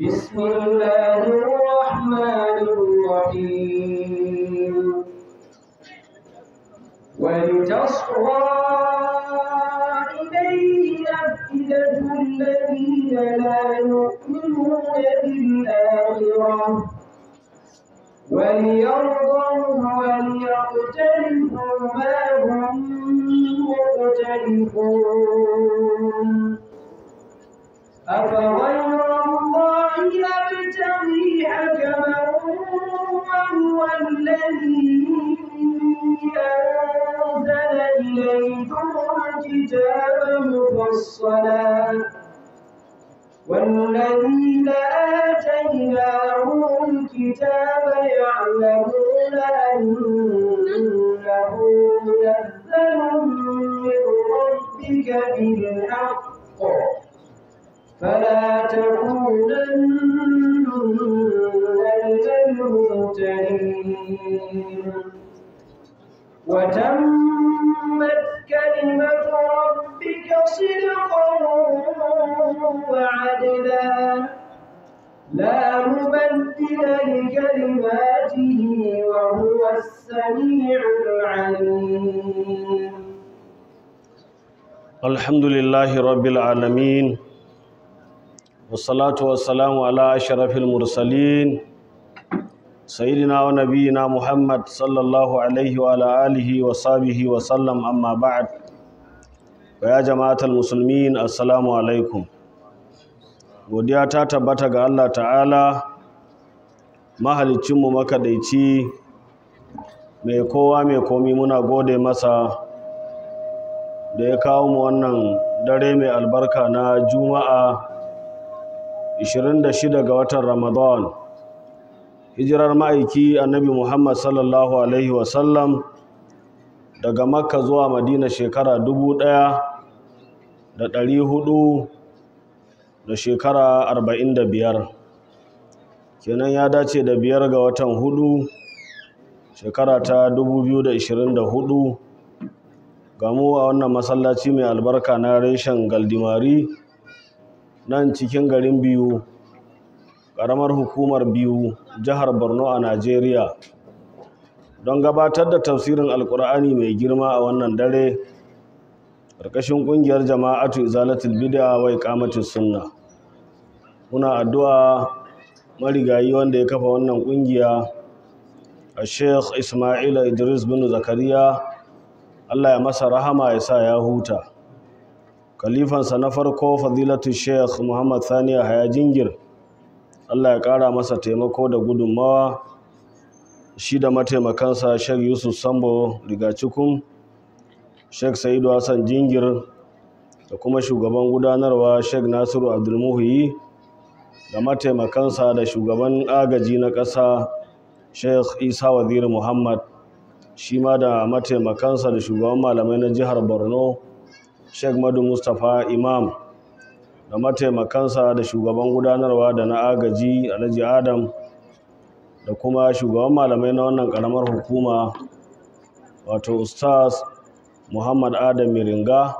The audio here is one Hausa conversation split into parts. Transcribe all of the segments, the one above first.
بسم الله الرحمن الرحيم ولتصغى إليه أفئدة الذين لا يؤمنون بالآخرة وليرضوه وليقترفوا ما هم مقترفون أفغير الله أبتغي حكما وهو الذي أنزل إليكم الكتاب مفصلا والذين آتيناهم الكتاب يعلمون أنه منزل من ربك بالحق فلا تكونن من الممتنين وتمت كلمة ربك صدقا وعدلا لا مبدل لكلماته وهو السميع العليم الحمد لله رب العالمين والصلاة والسلام على أشرف المرسلين سيدنا ونبينا محمد صلى الله عليه وعلى آله وصحبه وسلم أما بعد ويا جماعة المسلمين السلام عليكم godiya ta tabbata ga Allah ta'ala mahalicinmu makadaici mai kowa mai komi muna gode masa da ya kawo mu wannan dare mai albarka na juma'a 26 ga watan Ramadan hijirar ma'aiki annabi Muhammad sallallahu alaihi wasallam daga Makka zuwa Madina shekara 1400 da ɗari hudu da shekara arba'in kenan ya dace da biyar ga watan hudu shekara ta dubu biyu da gamu a wannan masallaci mai albarka na reshen galdimari nan cikin garin biyu ƙaramar hukumar biyu jihar borno a najeriya don gabatar da tafsirin alkur'ani mai girma a wannan dare ƙarƙashin ƙungiyar jama'atu izalatul bid'a wai ƙamatin sunna muna addu'a marigayi wanda ya kafa wannan ƙungiya a sheikh ismaila idris bin zakariya allah ya masa rahama ya sa ya huta Kalifansa na farko fadilatu sheikh muhammad saniya haya jingir allah ya ƙara masa taimako da gudunmawa shi da mataimakansa sheikh yusuf sambo rigacikun sheikh sa'idu hassan jingir da kuma shugaban gudanarwa sheikh nasiru Abdulmuhi, da mataimakansa da shugaban agaji na ƙasa sheikh isa waziri muhammad shi ma da mataimakansa da shugaban malamai na jihar borno sheikh madu mustapha imam da mataimakansa da shugaban gudanarwa da na agaji alhaji adam da kuma shugaban malamai na wannan karamar hukuma wato ustaz muhammad adam miringa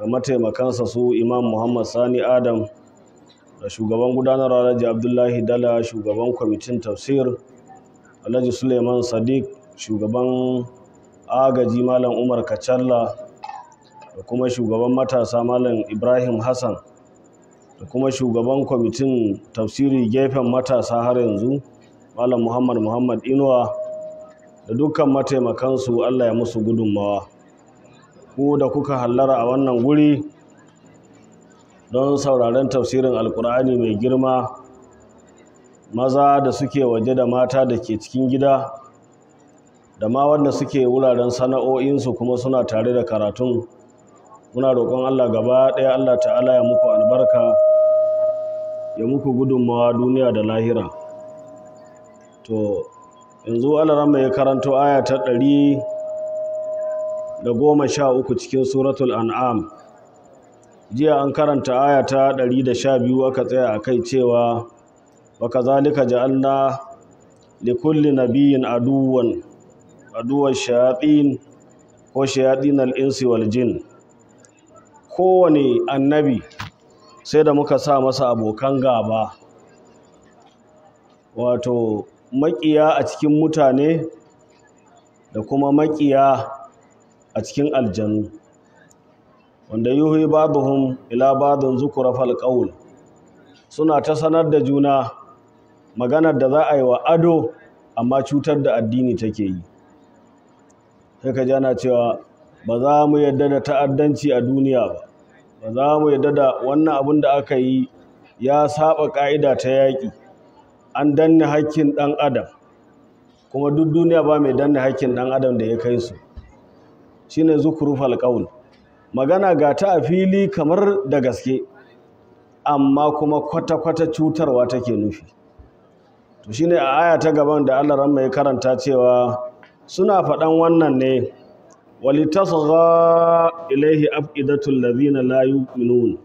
da mataimakansa su imam muhammad sani adam da shugaban gudanarwa alhaji abdullahi dala shugaban kwamitin tafsir alhaji suleiman sadiq shugaban agaji malam umar kacalla da kuma shugaban matasa malam ibrahim hassan da kuma shugaban kwamitin tafsiri gefen matasa har yanzu malam muhammad muhammad inuwa da dukkan mataimakansu allah ya musu gudunmawa ku da kuka hallara a wannan guri don sauraren tafsirin alkur'ani mai girma maza da suke waje da mata da ke cikin gida da ma wanda suke wuraren sana'o'insu kuma suna tare da karatun muna roƙon Allah gaba ɗaya Allah ta'ala ya muku albarka ya muku gudunmawa duniya da lahira to yanzu alarama ya karanto aya ta ɗari da goma sha uku cikin suratul an'am jiya an karanta aya ɗari da sha biyu aka tsaya a kai cewa baka zalika ja'alna likulli nabiyyin aduwan aduwan shayatin ko shayatin al'insi wal jin kowane annabi sai da muka sa masa abokan gaba wato maƙiya a cikin mutane da kuma maƙiya a cikin aljanu wanda yuhi babuhum ila badun zukura falƙaul suna ta sanar da juna maganar da za a yi wa ado amma cutar da addini take yi sai ka jana cewa ba za mu yadda da ta'addanci a duniya ba ba za mu yarda da wannan abin da aka yi ya saba ƙa'ida ta yaƙi an danne haƙƙin ɗan adam kuma duk duniya ba mai danne haƙƙin ɗan adam da ya kai su Shi shine zukuruf ƙaun. magana ga ta a fili kamar da gaske amma kuma kwata-kwata cutarwa take nufi to shi ne a aya ta gaban da Allah ranma ya karanta cewa suna faɗan wannan ne walitasgha ilaihi afidatul ladhina la yu'minun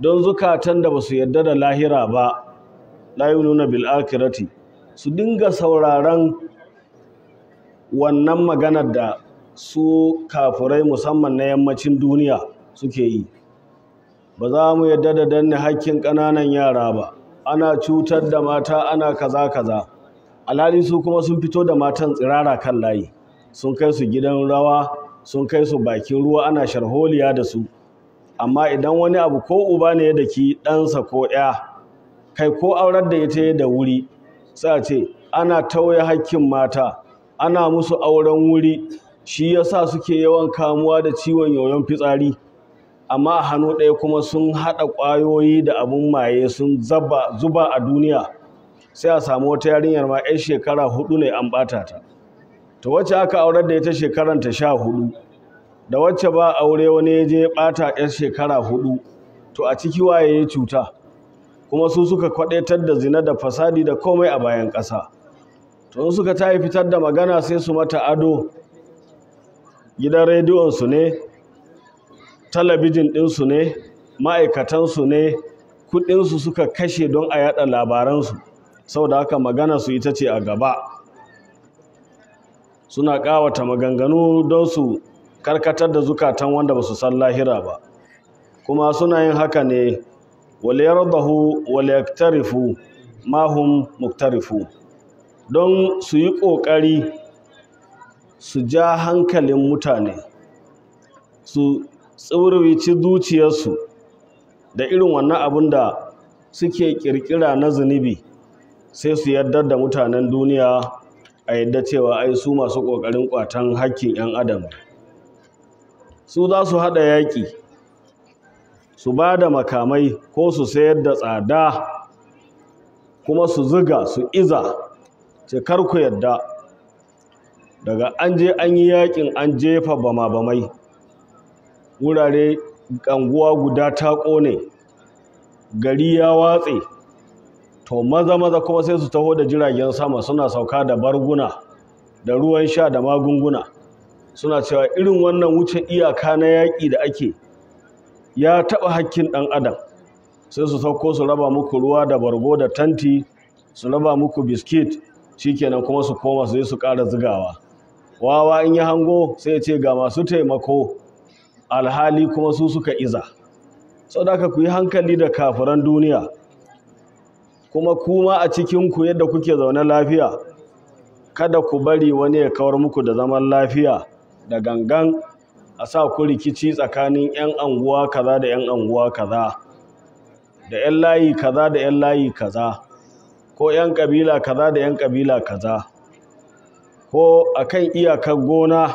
don zukatan da basu yadda da lahira ba la yununa bil akhirati su dinga sauraron wannan maganar da su kafurai musamman na yammacin duniya suke yi ba za mu yadda da danne hakkin ƙananan yara ba ana cutar da mata ana kaza kaza alhali su kuma sun fito da matan tsirara kan layi sun kai su gidan rawa sun kai su bakin ruwa ana sharholiya da su amma idan wani abu ko uba ne da ki ɗansa ko ɗaya kai ko aurar da ita da wuri sai a ce ana tauye hakkin mata ana musu auren wuri shi yasa suke yawan kamuwa da ciwon yoyon fitsari amma a hannu ɗaya kuma sun haɗa ƙwayoyi da abun maye sun zuba a duniya sai a samu wata yarinyar ma 'yan shekara hudu ne an ɓata ta to wacce aka aurar da ita shekaran ta sha hudu da wacce ba aure wani ya je bata yar shekara hudu to a ciki waye ya cuta kuma su suka kwadaitar da zina da fasadi da komai a bayan ƙasa to suka tayi fitar da magana sai su mata ado gidan rediyon su ne talabijin din su ne ma'aikatan su ne kuɗinsu suka kashe don a labaran labaransu saboda haka magana su ita ce a gaba suna kawata maganganu don su karkatar da zukatan wanda ba su san lahira ba kuma suna yin haka ne waliyardahu waliyaktarifu mahun muktarifu don su yi ƙoƙari su ja hankalin mutane su tsirwici zuciyarsu da irin wannan abin da suke ƙirƙira na zunubi sai su yardar da mutanen duniya a yadda cewa ai su masu ƙoƙarin ƙwatan haƙƙin 'yan adam su za su haɗa yaƙi su bada makamai ko su sayar da tsada kuma su zuga su iza ce kar ku yadda daga an je an yi yaƙin an jefa bama-bamai wurare anguwa guda ta ƙone gari ya watse to maza maza kuma sai su taho da jiragen sama suna sauka da barguna da ruwan sha da magunguna suna cewa irin wannan wuce iyaka na yaƙi da ake ya taɓa hakkin ɗan adam sai su sauko su raba muku ruwa da bargo da tanti su raba muku biskit shikenan kuma su koma su su ƙara zigawa wawa in yi hango sai ya ce ga masu taimako alhali kuma su suka iza sau da ku yi hankali da kafiran duniya kuma kuma a cikinku yadda kuke zaune lafiya kada ku bari wani ya kawar muku da zaman lafiya da gangan a sa ku rikici tsakanin 'yan anguwa kaza da 'yan anguwa kaza da 'yan layi kaza da 'yan layi kaza ko 'yan kabila kaza da 'yan kabila kaza ko a kan iyakar gona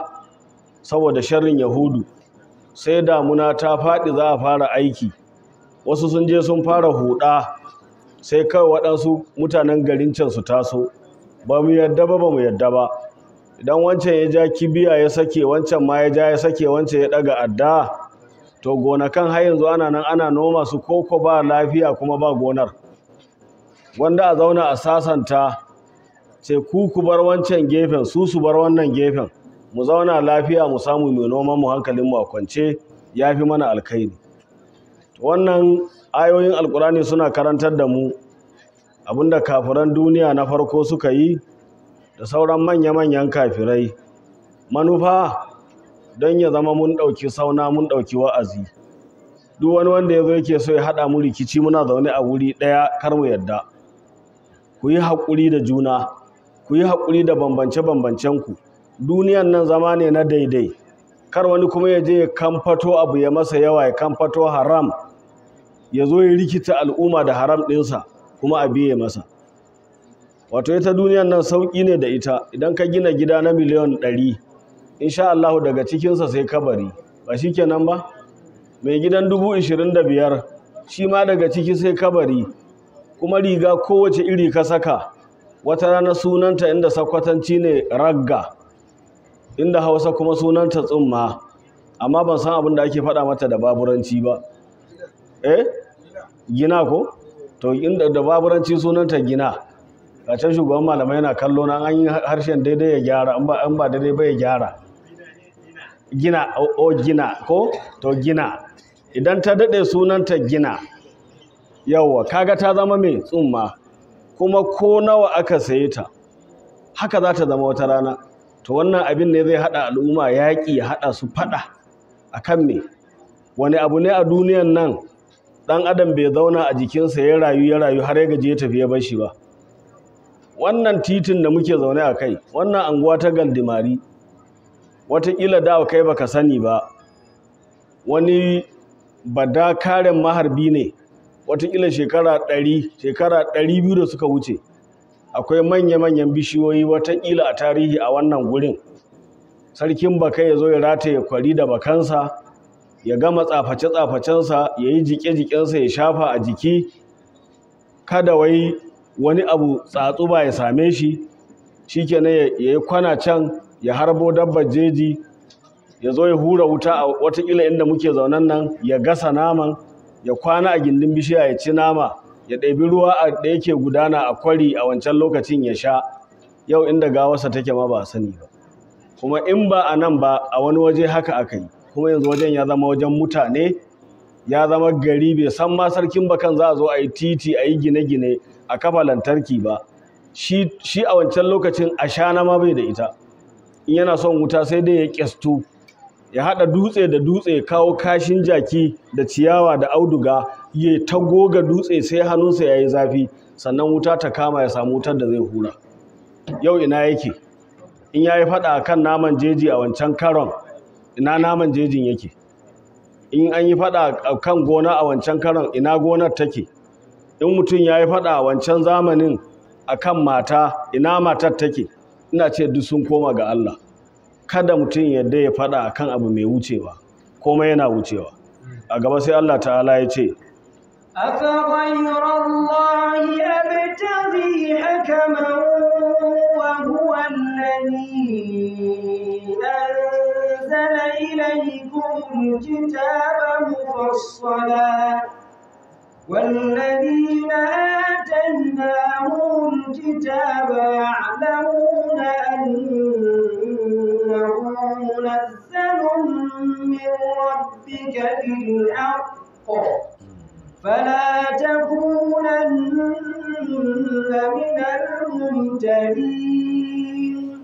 saboda sharrin yahudu sai damuna ta faɗi za a fara aiki wasu sun je sun fara huɗa sai kawai waɗansu mutanen garin can su taso ba mu yadda ba ba mu yadda ba idan wancan ya ja kibiya ya sake wancan ma ya ja ya sake wancan ya ɗaga adda to gonakan har yanzu ana nan ana noma su koko ba lafiya kuma ba gonar wanda a zauna a sasanta ce ku ku bar wancan gefen su su bar wannan gefen mu zauna lafiya mu samu mai noman mu hankalin mu a kwance ya fi mana alkhairi wannan ayoyin alkurani suna karantar da mu abinda kafiran duniya na farko suka yi da sauran manya-manyan kafirai manufa don ya zama mun ɗauki sauna mun ɗauki wa'azi duk wani wanda ya zo yake so ya haɗa mu rikici muna zaune a wuri ɗaya kar mu yadda ku yi haƙuri da juna ku yi haƙuri da bambance-bambancenku duniyan nan zama ne na daidai kar wani kuma ya je ya kamfato abu ya masa yawa ya kamfato haram ya zo ya rikita al'umma da haram ɗinsa kuma a biye masa wato ita duniyan nan sauƙi ne da ita idan ka gina gida na miliyan ɗari insha Allah daga cikinsa sai kabari ba shi kenan ba mai gidan dubu ishirin da biyar shi ma daga ciki sai kabari kuma riga kowace iri ka saka wata rana sunanta inda sakwatanci ne ragga inda hausa kuma sunanta tsumma amma ban san abin da ake faɗa mata da baburanci ba eh gina ko to inda da baburanci sunanta gina a can shugaban malamai yana kallo na an yi harshen daidai ya gyara an ba daidai ba ya gyara gina o gina ko to gina idan ta daɗe sunanta gina yawwa kaga ta zama mai tsumma kuma ko nawa aka saye ta haka za ta zama wata rana to wannan abin ne zai haɗa al'umma yaƙi ya haɗa su faɗa a kan me wani abu ne a duniyan nan ɗan adam bai zauna a jikinsa ya rayu ya rayu har ya gaji ya tafi ya bar shi ba wannan titin da muke zaune a kai wannan anguwa ta galdimari watakila da kai baka sani ba wani bada karen maharbi ne watakila shekara ɗari shekara ɗari biyu da suka wuce akwai manya-manyan bishiyoyi watakila a tarihi a wannan gurin sarkin baka ya zo ya rataye kwari da bakansa ya gama tsaface-tsafacensa ya yi jike-jikensa ya shafa a jiki kada wai wani abu tsatsu ba ya same shi shi kenan ya yi kwana can ya harbo dabbar jeji ya zo ya hura wuta a watakila inda muke zaunan nan ya gasa naman ya kwana a gindin bishiya ya ci nama ya ɗabi ruwa da yake gudana a kwari a wancan lokacin ya sha yau inda gawarsa take ma ba sani ba kuma in ba a nan ba a wani waje haka aka yi kuma yanzu wajen ya zama wajen mutane ya zama gari bai san ma sarkin bakan za a zo a yi titi a yi gine-gine a kafa lantarki ba shi a wancan lokacin na ma bai da ita in yana son wuta sai dai ya kyastu ya haɗa dutse da dutse kawo kashin jaki da ciyawa da auduga ya ta goga dutse sai hannunsa ya yi zafi sannan wuta ta kama ya samu wutar da zai hura yau ina yake in ya yi faɗa a kan naman jeji a wancan karon ina naman jejin yake in an yi faɗa a kan gona a wancan karon ina gonar take in mutum ya yi faɗa a wancan zamanin a kan mata ina matar take ina ce duk sun koma ga Allah kada mutum yadda ya faɗa a kan abu mai wucewa komai yana wucewa a gaba sai Allah ta'ala ya ce أفغير الله أبتغي حكما وهو الذي أنزل إليكم الكتاب مفصلا والذين آتيناهم الكتاب يعلمون أنه منزل من ربك بالحق فلا تكونن من الممتدين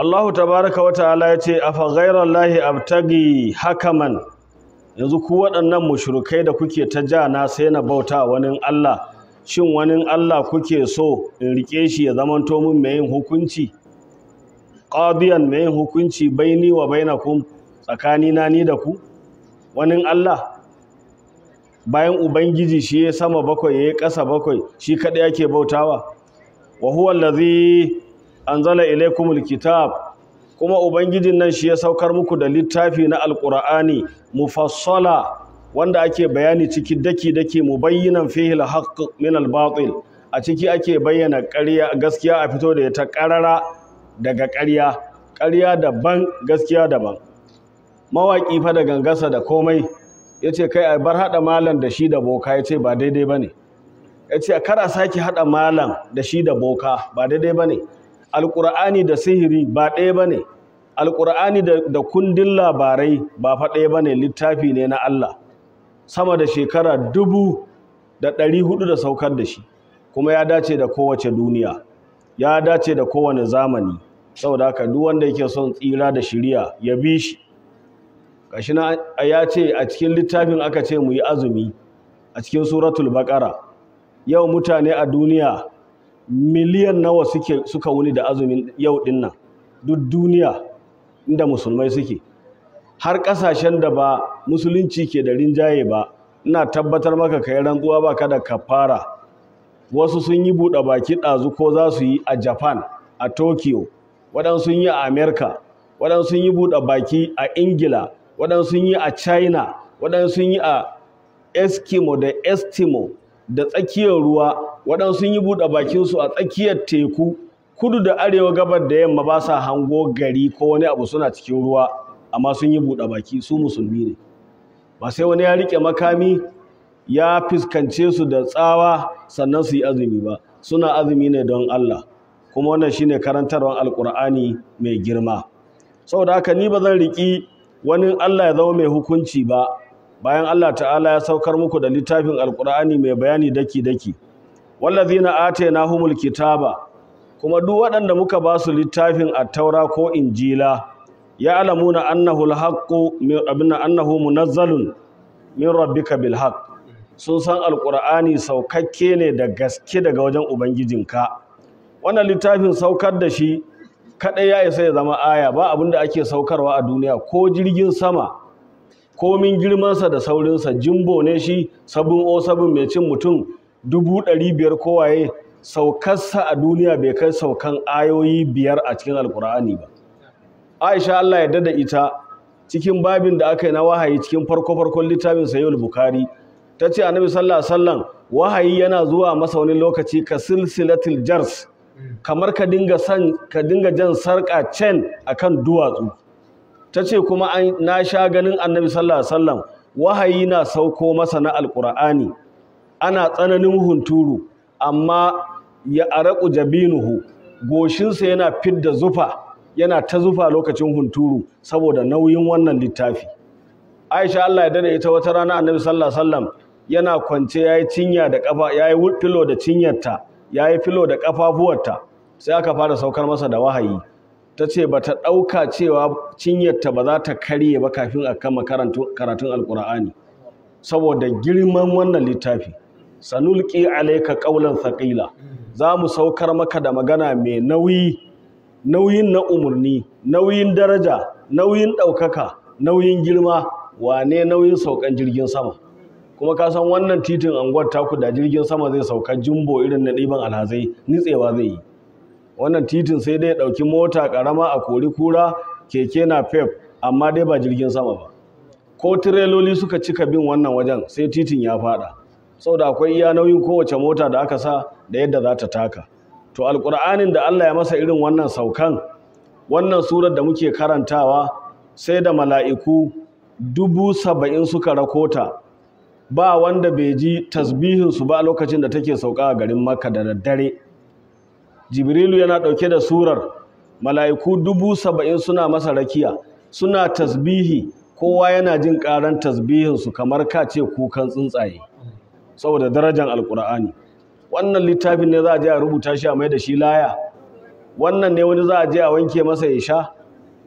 الله تبارك وتعالى يتي أفغير الله أبتغي حكما yanzu ku waɗannan mushrikai da kuke ta ja na sai na bauta wani Allah shin wani Allah kuke so in rike shi ya zamanto min mai yin hukunci qadiyan mai yin hukunci baini wa bainakum tsakanina ni da ku wani Allah bayan ubangiji shi ya sama bakwai ya yi ƙasa bakwai shi kaɗai yake bautawa wa huwa allazi anzala ilaykumul kitab kuma ubangijin nan shi ya saukar muku da littafi na mu mufassala wanda ake bayani ciki daki daki mubayyinan fihi alhaq min albatil a ciki ake bayyana ƙarya gaskiya a fito da ta ƙarara daga ƙarya ƙarya daban gaskiya daban mawaƙi fa da gangasa da komai ya ce kai a bar haɗa malam da shi da boka ya ce ba daidai ba ne ya ce kara sake haɗa malam da shi da boka ba daidai ba ne alƙur'ani da sihiri ba ɗaya ba ne alƙur'ani da kundin labarai ba fa ɗaya ba ne littafi ne na Allah sama da shekara dubu da ɗari hudu da saukar da shi kuma ya dace da kowace duniya ya dace da kowane zamani saboda haka duk wanda yake son tsira da shirya ya bi shi gashi na ya ce a cikin littafin aka ce mu yi azumi a cikin suratul baqara yau mutane a duniya miliyan nawa suke suka wuni da azumin yau dinnan duk duniya inda musulmai suke har kasashen da ba musulunci ke da rinjaye ba ina tabbatar maka kai rantsuwa ba kada ka fara. wasu sun yi buɗe baki ɗazu ko za su yi a japan a tokyo waɗansu sun yi a america waɗansu sun yi buɗe baki a ingila waɗansu sun yi a china waɗansu sun yi a eskimo da estimo da tsakiyar ruwa waɗansu sun yi buɗe bakinsu a tsakiyar teku kudu da arewa gabar da yamma ba sa hango gari ko wani abu suna cikin ruwa amma sun yi buɗe baki su musulmi ne ba sai wani ya riƙe makami ya fuskance su da tsawa sannan su yi azumi ba suna azumi ne don Allah kuma wannan shine karantarwar alkur'ani mai girma saboda haka ni ba zan riƙi wani Allah ya zama mai hukunci ba bayan Allah ta'ala ya saukar muku da littafin alkur'ani mai bayani daki-daki na wallazina humul kitaba kuma duk waɗanda muka ba su littafin taura ko injila ya alamuna annahu alhaqqu min abinna annahu munazzalun min rabbika bil haqq sun san alkur'ani saukakke ne da gaske daga wajen ubangijinka wannan littafin saukar da shi kaɗai ya isa ya zama aya ba abin da ake saukarwa a duniya ko jirgin sama komin girmansa da saurinsa jimbo ne shi sabin o sabin mai cin mutum dubu ɗari biyar kowaye saukarsa a duniya bai kai saukan ayoyi biyar a cikin alkur'ani ba aisha allah ya dada ita cikin babin da aka yi na wahayi cikin farko farkon littafin sayyid bukari ta ce annabi sallallahu alaihi wahayi yana zuwa masa wani lokaci ka silsilatil jars kamar ka dinga san ka dinga jan sarka cen akan duwatsu tace ce kuma na sha ganin annabi sallallahu alaihi wasallam wahayi na sauko masa na alƙur'ani ana tsananin hunturu amma ya araku jabinuhu goshinsa yana fidda zufa yana ta zufa lokacin hunturu saboda nauyin wannan littafi Aisha Allah ya dade ita wata rana annabi sallallahu alaihi wasallam yana kwance yayi cinya da kafa yayi filo da cinyarta ya yi filo da ƙafafuwarta sai aka fara saukar masa da wahayi ta ce ba ta ɗauka cewa cinyarta ba za ta karye ba kafin a kama karatun alƙur'ani saboda girman wannan littafi sanulki alaika ƙaunar saƙila za mu saukar maka da magana mai nauyi nauyin na umarni nauyin daraja nauyin ɗaukaka nauyin girma wane nauyin saukan jirgin sama kuma ka san wannan titin anguwar taku da jirgin sama zai sauka jimbo irin na ɗiban alhazai nitsewa zai yi wannan titin sai dai ɗauki mota ƙarama a kori kura keke na pep amma dai ba jirgin sama ba ko tireloli suka cika bin wannan wajen sai titin ya faɗa saboda akwai iya nauyin kowace mota da aka sa da yadda za ta taka to alƙur'anin da Allah ya masa irin wannan saukan wannan surar da muke karantawa sai da mala'iku dubu saba'in suka rakota ba wanda bai ji tasbihin su ba lokacin da take sauka a garin Makka da daddare Jibrilu yana dauke da surar mala'iku dubu saba'in suna masa rakiya suna tasbihi kowa yana jin karan tasbihin su kamar ka ce kukan tsuntsaye saboda darajar alkur'ani wannan littafin ne za a je a rubuta shi a mai da shi laya wannan ne wani za a je a wanke masa ya sha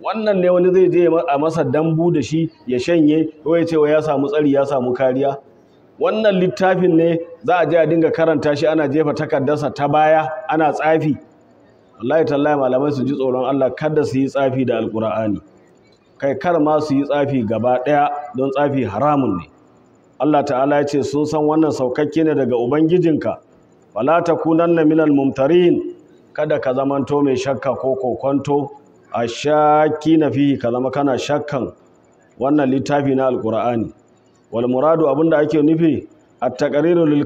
wannan ne wani zai je a masa dambu da shi ya shanye ko ya ce wa ya samu tsari ya samu kariya wannan littafin ne za a je a dinga karanta shi ana jefa takardarsa ta baya ana tsafi wallahi tallahi malamai su ji tsoron Allah kada su yi tsafi da alkur'ani kai kar ma su yi tsafi gaba ɗaya don tsafi haramun ne Allah ta'ala ya ce sun san wannan saukakke ne daga ubangijinka wala takunanna minal mumtarin kada ka zamanto mai shakka ko kokonto a shaki na fihi ka zama kana shakkan wannan littafi na alkur'ani wal muradu abinda ake nufi a taqriru lil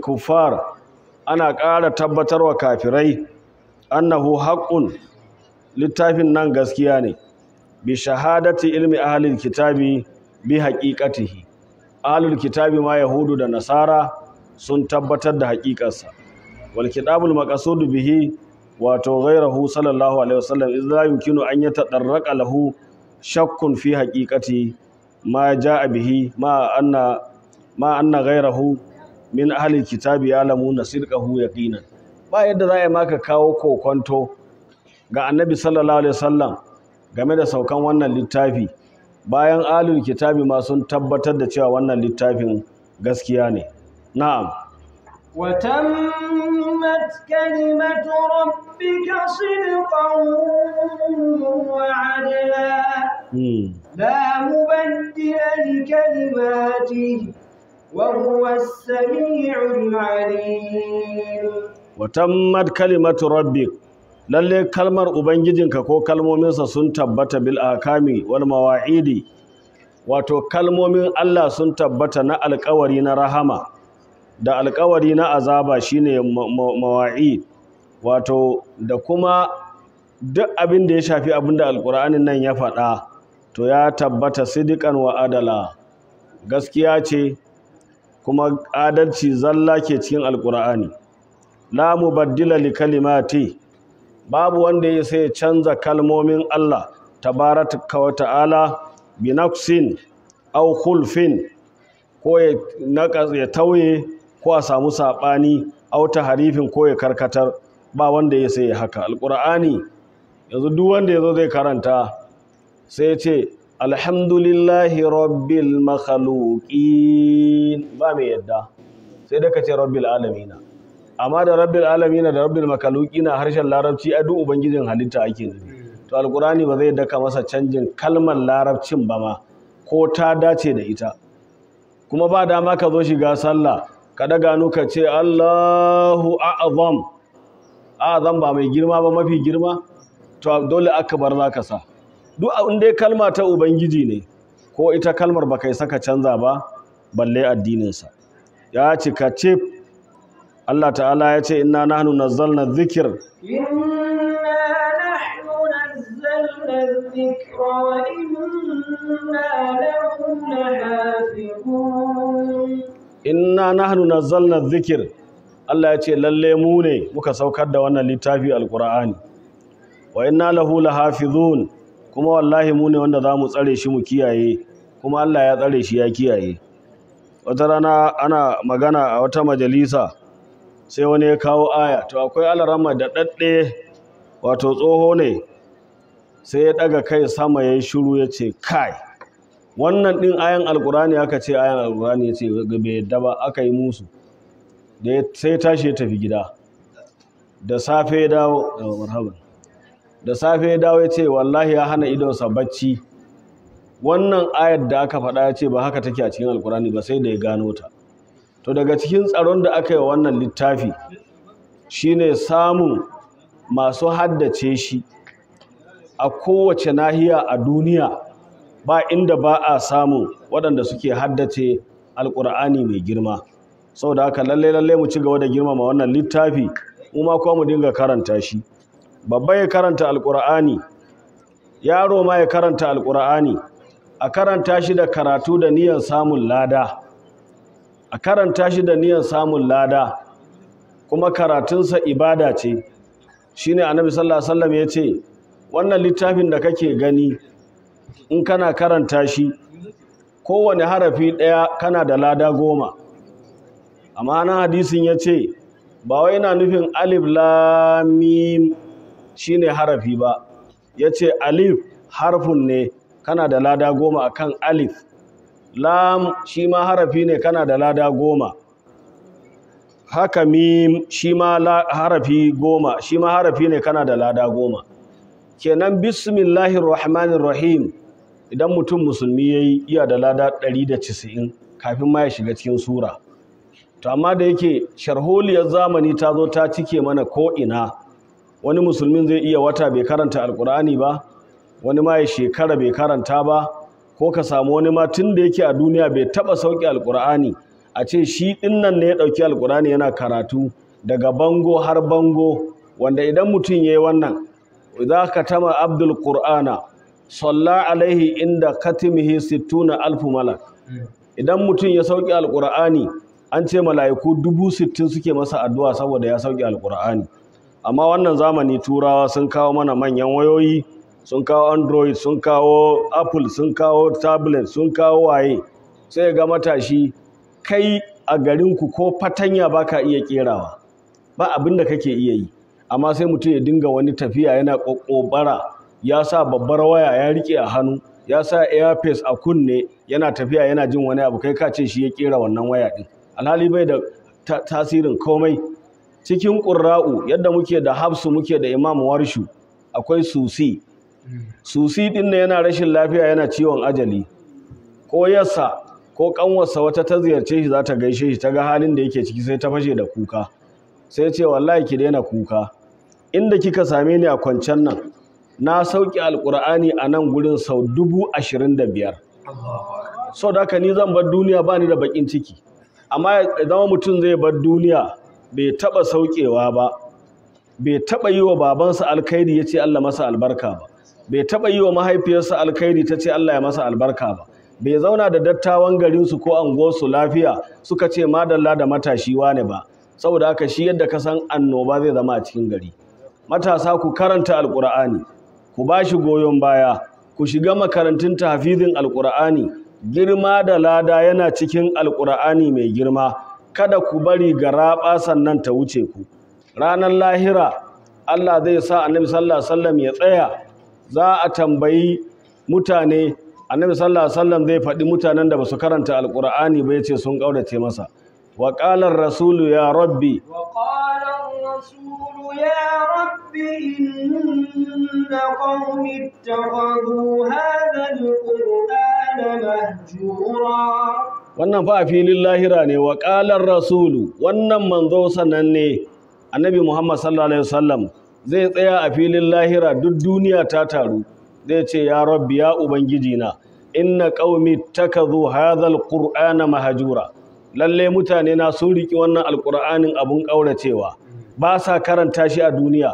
ana ƙara tabbatar wa kafirai annahu haqqun littafin nan gaskiya ne bi shahadati ilmi ahli kitabi bi haqiqatihi ahlul kitabi ma yahudu da nasara sun tabbatar da haƙiƙarsa wal kitabul maqsudu bihi wato ghairahu sallallahu alaihi wasallam idza yumkinu an yatadarraqa lahu shakkun fi haqiqati ma a bihi ma anna ma anna ghayrahu min ahli kitabi ya'lamuna ya yaqinan ba yadda za a yi maka kawo kokonto ga annabi sallallahu alaihi wasallam game da saukan wannan littafi bayan alul kitabi ma sun tabbatar da cewa wannan littafin gaskiya ne na'am وتمت كلمة ربك صدقا وعدلا لا مبدل لكلماته وهو السميع العليم وتمت كلمة ربك lalle kalmar ubangijinka ko kalmominsa sun tabbata bil akami wal mawa'idi wato kalmomin Allah sun tabbata na alkawari na rahama da alkawari na azaba shine mawa'id wato da kuma duk abin da ya shafi abin da alkur'anin nan ya faɗa to ya tabbata sidikan wa adala gaskiya ce kuma adalci zalla ke cikin alkur'ani la mubaddila li kalimati babu wanda ya sai canza kalmomin Allah tabaraka wa ta'ala bi aw khulfin ko ya tauye ko a samu saɓani auta harifin ko ya karkatar ba wanda ya sai haka alƙur'ani yanzu duk wanda ya zo zai karanta sai ce alhamdulillahi rabbil makhluqin ba mai yadda sai da ka ce rabbil alamina amma da rabbil alamina da rabbil makhluqina harshen larabci a duk ubangijin halitta ake nufi to alƙur'ani ba zai daka masa canjin kalmar larabcin ba ma ko ta dace da ita kuma ba dama ka zo shiga sallah kada gano nuka ce Allahu a'azam a'azam ba mai girma ba mafi girma to dole aka bar zaka sa duk in dai kalma ta ubangiji ne ko ita kalmar baka saka canza ba balle sa ya ce ka ce Allah ta'ala ya ce inna nahnu nazzalna dhikr inna inna nahnu nazzalna dhikr Allah ya ce lalle mu ne muka saukar da wannan littafi alqur'ani wa inna lahu lahafizun kuma wallahi mu ne wanda zamu tsare shi mu kiyaye kuma Allah ya tsare shi ya kiyaye wata rana ana magana a wata majalisa sai wani ya kawo aya to akwai alarama da dadde wato tsoho ne sai ya daga kai sama ya shiru ya ce kai wannan ɗin ayan Alƙurani aka ce ayan Alƙurani ya ce bai yadda ba aka yi musu da sai tashi ya tafi gida da safe ya dawo da safe ya dawo ya ce wallahi ya hana idonsa bacci wannan ayar da aka faɗa ya ce ba haka take a cikin Alƙurani ba sai da ya gano ta to daga cikin tsaron da aka yi wannan littafi shine samun masu haddace shi a kowace nahiya a duniya ba inda ba a samu waɗanda suke haddace alƙur'ani mai girma sau da haka lalle lalle mu ci gaba da girmama wannan littafi kuma kuma mu dinga karanta shi babba ya karanta alƙur'ani yaro ma ya karanta alƙur'ani a karanta shi da karatu da niyan samun lada a karanta shi da niyan samun lada kuma karatunsa ibada ce shine annabi sallallahu alaihi wasallam ya ce wannan littafin da kake gani in kana karanta shi kowane harafi ɗaya kana da lada goma amma na hadisin ya ce ba wai yana nufin alif lamim ne harafi ba ya ce alif harfin ne kana da lada goma a kan alif lam shi ma harafi ne kana da lada goma haka mim harafi goma shi ma harafi ne kana da lada goma kenan bismillahir rahmanir rahim idan mutum musulmi yayi iya da lada 190 kafin ma ya shiga cikin sura to amma da yake sharholiyar zamani ta zo ta cike mana ko ina wani musulmin zai iya wata bai karanta alkur'ani ba wani ma ya shekara bai karanta ba ko ka samu wani ma tun da yake a duniya bai taba sauki alkur'ani a ce shi nan ne ya dauki alkur'ani yana karatu daga bango har bango wanda idan mutum yayi wannan za ka abdul qur'ana salla alaihi inda katimihi sittuna alfu malak idan mutum ya sauki alqur'ani an ce mala'iku dubu sittin suke masa addu'a saboda ya sauki alqur'ani amma wannan zamani turawa sun kawo mana manyan wayoyi sun kawo android sun kawo apple sun kawo tablet sun kawo waye sai ga matashi kai a garinku ko fatanya baka iya kerawa ba abin da kake iya yi amma sai mutum ya dinga wani tafiya yana kokobara ya sa babbar waya ya rike a hannu ya sa airpace a kunne yana tafiya yana jin wani abu kai ka ce shi ya kera wannan waya din. alhali bai da tasirin komai cikin ƙurra'u yadda muke da hafsu muke da imam warshu akwai susi susi ɗin ne yana rashin lafiya yana ciwon ajali ko yasa ko ƙanwarsa wata ta ziyarce shi za ta gaishe shi ta ga halin da yake ciki sai ta fashe da kuka sai ce wallahi ki daina kuka inda kika same ni a kwancen nan na sauki alkur'ani a nan gurin sau dubu ashirin da biyar sau da haka ni zan bar duniya ba ni da bakin ciki amma zama mutum zai bar duniya bai taɓa sauƙewa ba bai taɓa yi wa babansa alkhairi ya ce Allah masa albarka ba bai taɓa yi wa mahaifiyarsa alkhairi ta ce Allah ya masa albarka ba bai zauna da dattawan garinsu ko anguwarsu lafiya suka ce madalla da matashi wane ba saboda haka shi yadda ka san annoba zai zama a cikin gari matasa ku karanta alƙur'ani ku ba shi goyon baya ku shiga makarantun tahfizin alƙur'ani girma da lada yana cikin alƙur'ani mai girma kada ku bari garaɓa sannan ta wuce ku ranar lahira Allah zai sa annabi sallallahu alaihi wasallam ya tsaya za a tambayi mutane annabi sallallahu alaihi wasallam zai faɗi mutanen da basu karanta alƙur'ani ba yace sun ƙaurace masa wa qala rasulu ya rabbi wa الرسول يا رب إن قوم اتخذوا هذا القرآن مهجورا wannan fa a filin lahira ne wa ƙalar rasulu wannan manzo sananne annabi muhammad sallallahu alaihi wasallam zai tsaya a filin lahira duk duniya ta taru zai ce ya rabbi ya ubangiji na inna qaumi takazu hadhal qur'ana mahjura lalle mutane na sun riki wannan alqur'anin abun cewa. ba sa karanta shi a duniya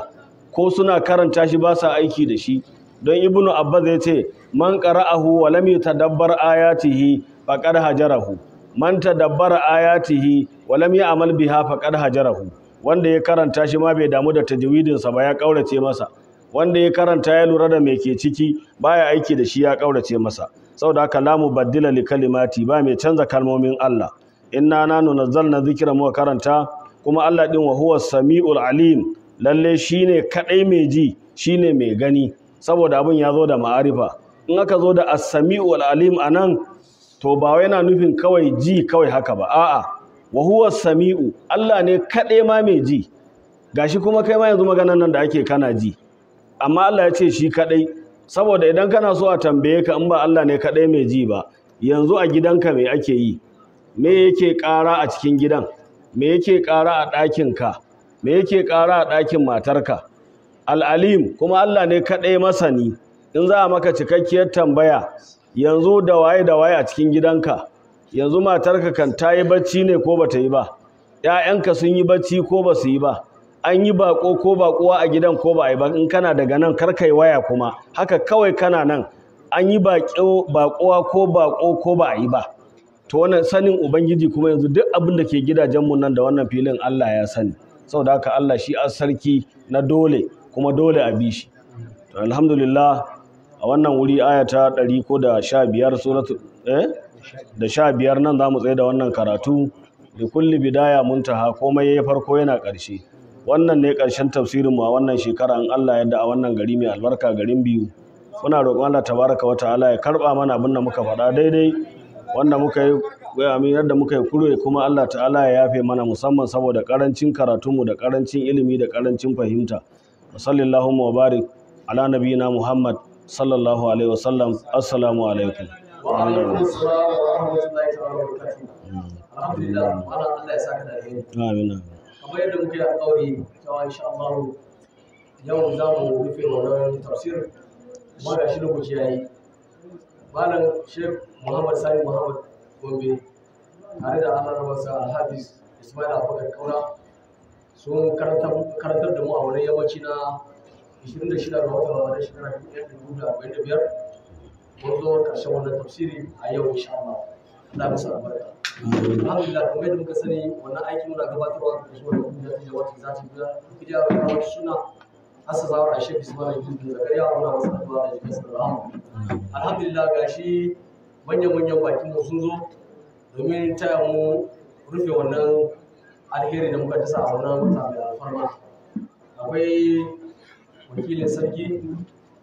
ko suna karanta shi ba sa aiki da shi don ibnu abbas ya ce man qara'ahu wa lam yatadabbar ayatihi faqad hajarahu man tadabbara ayatihi wa lam ya'mal biha faqad hajarahu wanda ya karanta shi ma bai damu da tajwidin sa ba ya kaurace masa wanda ya karanta ya lura da me ke ciki baya aiki da shi ya kaurace masa saboda haka la mubaddila li kalimati ba mai canza kalmomin Allah inna nanu nazzalna dhikra mu karanta kuma Allah ɗin wa huwa samiul alim lalle shine kadai mai ji shine mai gani saboda abin ya zo da ma'arifa in aka zo da as-samiul alim anan to ba wai yana nufin kawai ji kawai haka ba a'a wa huwa samiu Allah ne kadai ma mai ji gashi kuma kai ma yanzu maganan nan da ake kana ji amma Allah ya ce shi kadai saboda idan kana so a tambaye ka in ba Allah ne kadai mai ji ba yanzu a gidanka me ake yi me yake ƙara a cikin gidan me yake ƙara a ɗakinka me yake ƙara a ɗakin matarka al'alim kuma Allah ne kaɗai masani in za a maka cikakkiyar tambaya yanzu da waye da waye a cikin gidanka yanzu matarka kan ta yi bacci ne ko ba ta yi ba ‘ya'yanka sun yi bacci ko ba su yi ba an yi baƙo ko baƙuwa a gidan ko ba a yi ba in kana daga nan karkai waya kuma haka kawai kana nan an yi baƙuwa ko baƙo ko ba a yi ba to wannan sanin ubangiji kuma yanzu duk abin da ke gidajenmu nan da wannan filin Allah ya sani saboda haka Allah shi a sarki na dole kuma dole a bi shi to alhamdulillah a wannan wuri aya ta ko da 15 suratu eh da 15 nan zamu tsaye da wannan karatu da kulli bidaya muntaha komai yayi farko yana ƙarshe wannan ne karshen tafsirin mu a wannan shekara an Allah yadda a wannan gari mai albarka garin biyu muna roƙon Allah tabaraka wa ta'ala ya karba mana abin da muka faɗa daidai wanda muka yi aminar da muka yi kurwe kuma Allah ta'ala ya yafe mana musamman saboda karancin karatunmu da karancin ilimi da karancin fahimta sallallahu wa barik ala nabiyina muhammad sallallahu alaihi wasallam assalamu alaikum Alhamdulillah, Allah ya saka da alheri. Amin. Kamar yadda muke da alƙawari cewa insha Allah yau za mu rufe wannan tafsir. Mara shi lokaci yayi. malam sheikh muhammad sani muhammad gombe tare da alarabarsa alhafiz ismail abubakar kaura sun karantar da mu a wani yammaci na 26 ga watan ramadan shekara 2045 mun zo karshen wannan tafsiri a yau insha Allah Allah ya sa albarka alhamdulillah kamar yadda muka sani wannan aiki muna gabatarwa da kuma da kuma da yi da kuma da kuma da kuma da asasa shafi su mara bin zakariya wa Allah wasu abuwa da jikin sallallahu alhamdulillah shi manya manyan bakin mu sun zo domin taya mu rufe wannan alheri da muka tasa a wannan wata da alfarma akwai wakilin sarki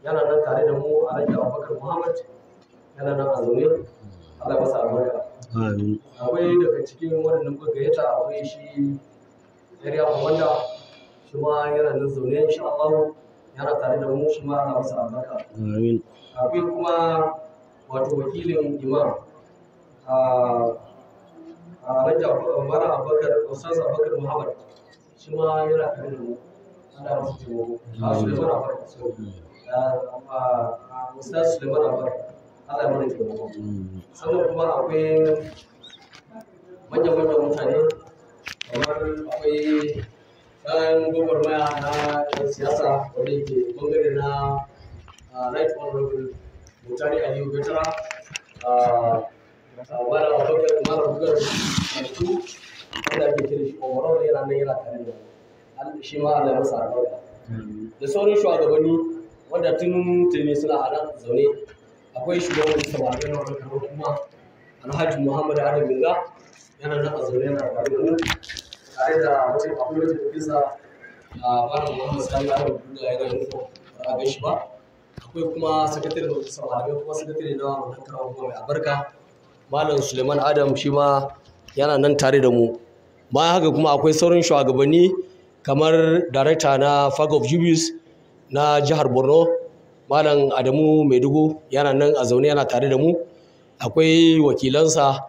yana nan tare da mu a rage abubakar muhammad yana nan a zaune allah masa albarka akwai daga cikin wannan kuka gayyata akwai shi area wanda shi ma yana nan zaune insha Allah yana tare da mu shi ma Allah masa albarka amin akwai kuma wato wakilin imam a a Rajab Mara Abubakar Ustaz Abubakar Muhammad shi ma yana tare da mu Allah masa taimako a Suleiman Abubakar so a Ustaz Suleiman Abubakar Allah ya mana taimako sannan kuma akwai manya-manyan mutane kamar akwai bayan gwagwarmaya na siyasa wanda ke ɓangare na ah, right honorable mutane aliyu gajara mara wakilkar mara bugar kartu wanda ke kiri shi overall yana nan yana tare da shi ma Allah ya masa albarka da sauran shugabanni wanda tun tuni suna hada zaune akwai shugaban samarin wanda kuma alhaji muhammad adam bilga yana nan a zaune yana tare tare da wajen akwai wajen da bisa a malam muhammad sani adam ya gani ko a gan shi ba akwai kuma sakatare da wasu malamai kuma sakatare na wannan karamar kuma mai albarka malam suleiman adam shi ma yana nan tare da mu bayan haka kuma akwai sauran shugabanni kamar darakta na fag of jubis na jihar borno malam adamu maidugu yana nan a zaune yana tare da mu akwai wakilansa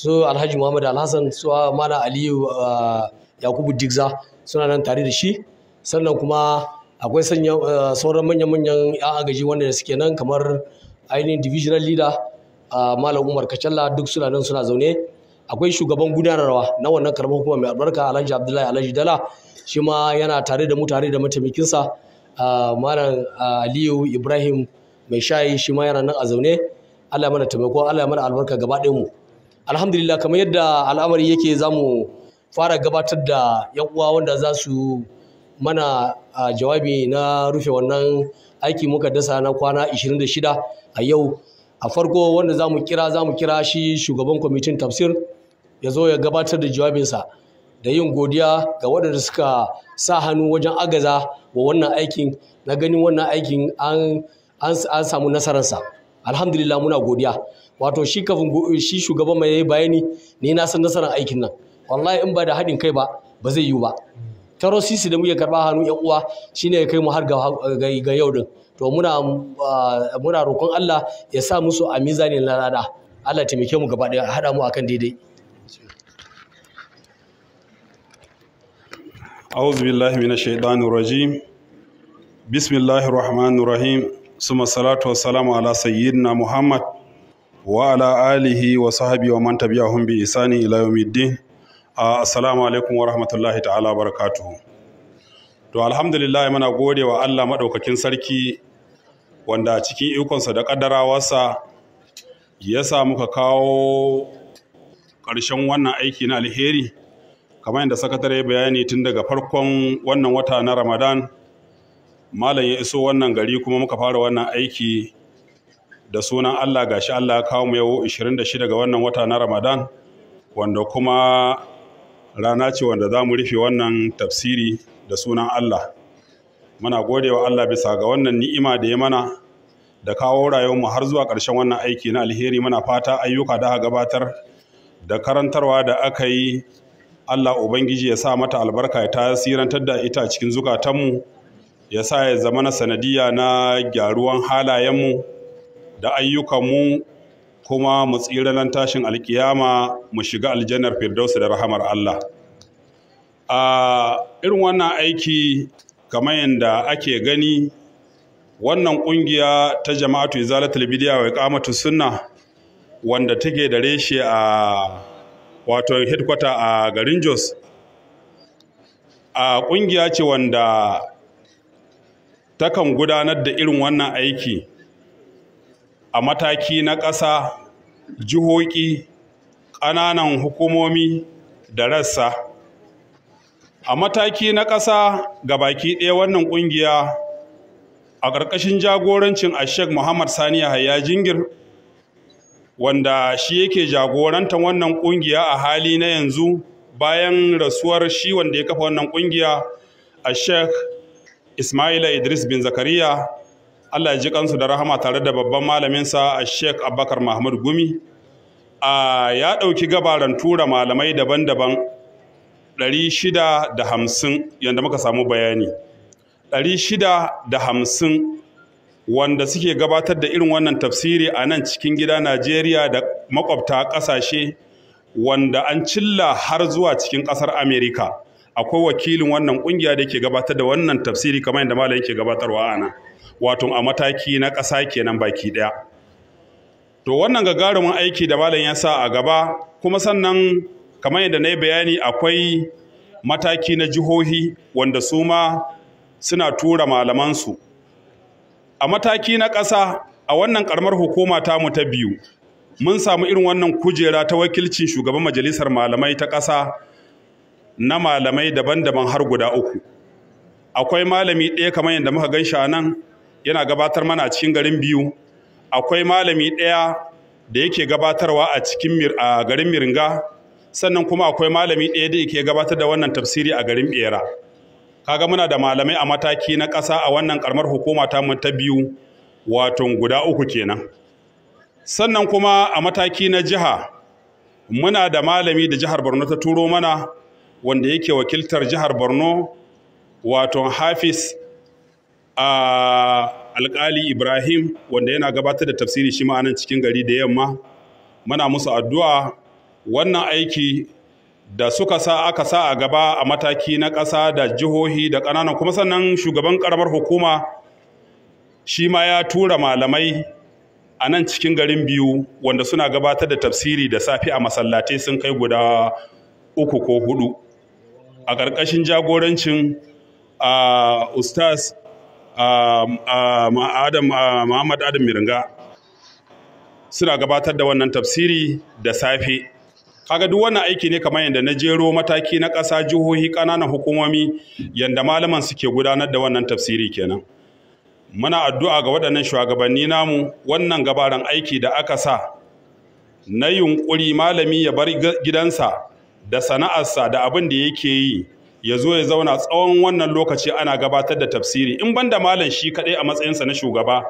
su alhaji muhammad alhassan su ah, mana aliyu ah, yakubu digza suna nan tare da shi sannan kuma akwai ah, sauran manyan-manyan ya agaji wanda suke nan kamar ainihin divisional leader malam umar kacalla duk suna nan suna zaune akwai shugaban gudanarwa na wannan karamar hukuma mai albarka alhaji abdullahi alhaji dala shi ma yana tare da mu tare da mataimakinsa malam aliyu ibrahim mai shayi shi ma yana nan a zaune allah mana taimako allah mana albarka gaba mu alhamdulillah kamar yadda al'amari yake zamu fara gabatar da yan uwa wanda za su mana jawabi na rufe wannan aiki muka dasa na kwana 26 a yau a farko wanda za mu kira za mu kira shi shugaban kwamitin tafsir ya zo ya gabatar da jawabinsa da yin godiya ga waɗanda suka sa hannu wajen agaza wa wannan aikin na ganin wannan aikin an samu nasararsa alhamdulillah muna godiya wato shi kafin shi shugaban mai yayi bayani ne na san nasarar aikin nan wallahi in ba da haɗin kai ba ba zai yiwu ba taro sisi da muke karɓa hannu yan uwa shine ya kai mu har ga yau din to muna ah, muna roƙon Allah ya sa musu a mizanin lada Allah taimake mu gaba ɗaya haɗa mu akan daidai أعوذ بالله من الشيطان الرجيم بسم الله الرحمن الرحيم ثم الصلاة والسلام على سيدنا wa ala alihi wa sahabi wa man tabi'ahum bi isani ila yawmiddin assalamu alaikum wa rahmatullahi ta'ala barakatuhu to alhamdulillah muna gode wa Allah madaukakin sarki wanda cikin ikonsa da kaddarawarsa ya sa muka kawo ƙarshen wannan aiki na alheri kamar yadda sakatare bayani tun daga farkon wannan wata na ramadan malam ya iso wannan gari kuma muka fara wannan aiki da sunan Allah gashi Allah ya kawo mu yau 26 ga wannan wata na Ramadan wanda kuma rana ce wanda za mu rufe wannan tafsiri da sunan Allah muna wa Allah bisa ga wannan ni'ima da ya mana da kawo rayuwarmu har zuwa ƙarshen wannan aiki na alheri muna fata ayyuka da gabatar da karantarwa da aka yi Allah Ubangiji ya sa mata albarka ya tasirantar da ita cikin zukatanmu ya sa ya zama na sanadiyya na gyaruwan halayenmu da ayyukanmu kuma mu tsira nan tashin alkiyama mu shiga aljannar firdaus da rahamar Allah a irin wannan aiki kamar yadda ake gani wannan kungiya ta jama'atu izalatul bidiya wa iqamatu sunna wanda take da reshe a wato headquarter a garin Jos a kungiya ce wanda takan gudanar da irin wannan aiki a mataki na ƙasa jihoƙi, ƙananan hukumomi da rassa a mataki na ƙasa ga baki ɗaya wannan ƙungiya a ƙarƙashin jagorancin ashek muhammad sani yahaya jingir wanda shi yake jagorantar wannan ƙungiya a hali na yanzu bayan rasuwar shi wanda ya kafa wannan ƙungiya ashek ismaila idris bin zakariya Allah ya ji kansu da rahama tare da babban malaminsa a Sheikh Abubakar Mahmud Gumi a ya ɗauki gabaran tura malamai daban-daban 650 yadda muka samu bayani 650 wanda suke gabatar da irin wannan tafsiri a nan cikin gida Najeriya da makwabta ƙasashe wanda an cilla har zuwa cikin ƙasar Amerika akwai wakilin wannan ƙungiya da ke gabatar da wannan tafsiri kamar yadda malam yake gabatarwa a nan wato a mataki na ƙasa kenan baki ɗaya to wannan gagarumin aiki da malam ya sa a gaba kuma sannan kamar yadda na yi bayani akwai mataki na jihohi wanda su ma suna tura malamansu a mataki na ƙasa a wannan ƙaramar hukuma ta mu ta biyu mun samu irin wannan kujera ta wakilcin shugaban majalisar malamai ta ƙasa na malamai daban-daban har guda uku akwai malami ɗaya kamar yadda muka gan shi a nan yana gabatar mana a cikin garin biyu akwai malami ɗaya da yake gabatarwa a cikin garin miringa sannan kuma akwai malami ɗaya da yake gabatar da wannan tafsiri a garin bera kaga muna da malamai a mataki na ƙasa a wannan karamar hukuma ta ta biyu wato guda uku kenan sannan kuma a mataki na jiha muna da malami da jihar borno ta turo mana wanda yake wakiltar jihar borno wato hafis. A alƙali ibrahim wanda yana gabatar da tafsiri shi ma'anan cikin gari da yamma muna musu addu'a wannan aiki da suka sa aka sa a gaba a mataki na ƙasa da jihohi da ƙananan kuma sannan shugaban ƙaramar hukuma shi ma ya tura malamai a nan cikin garin biyu wanda suna gabatar da tafsiri da safi a masallatai sun kai guda uku ko hudu a ƙarƙashin jagorancin a ustaz Muhammad Adam Miringa suna gabatar da wannan tafsiri da safe kaga duk wannan aiki ne kamar yadda na jero mataki na ƙasa jihohi ƙananan hukumomi yadda malaman suke gudanar da wannan tafsiri kenan muna addu'a ga waɗannan shugabanni namu wannan gabaran aiki da aka sa na yunƙuri malami ya bar gidansa da sana'arsa da abin da yake yi ya zo ya zauna tsawon wannan lokaci ana gabatar da tafsiri in banda malam shi kadai a matsayinsa na shugaba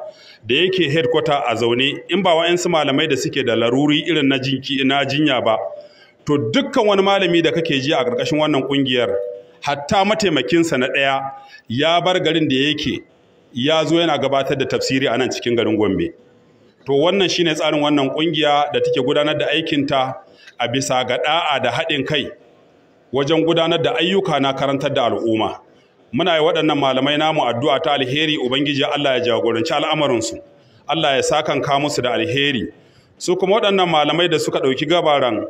da yake headquarter a zaune in ba wa'ansu malamai da suke da laruri irin na jinki na jinya ba to dukkan wani malami da kake ji a ƙarƙashin wannan ƙungiyar hatta mataimakinsa na ɗaya ya bar garin da yake ya zo yana gabatar da tafsiri a nan cikin garin Gombe to wannan shine tsarin wannan ƙungiya da take gudanar da aikinta a bisa ga da'a da haɗin kai wajen gudanar da ayyuka na karantar da al'umma muna yi waɗannan malamai namu addu'a ta alheri ubangiji Allah ya jagoranci al'amarinsu Allah ya sakanka musu da alheri su kuma waɗannan malamai da suka ɗauki gabaran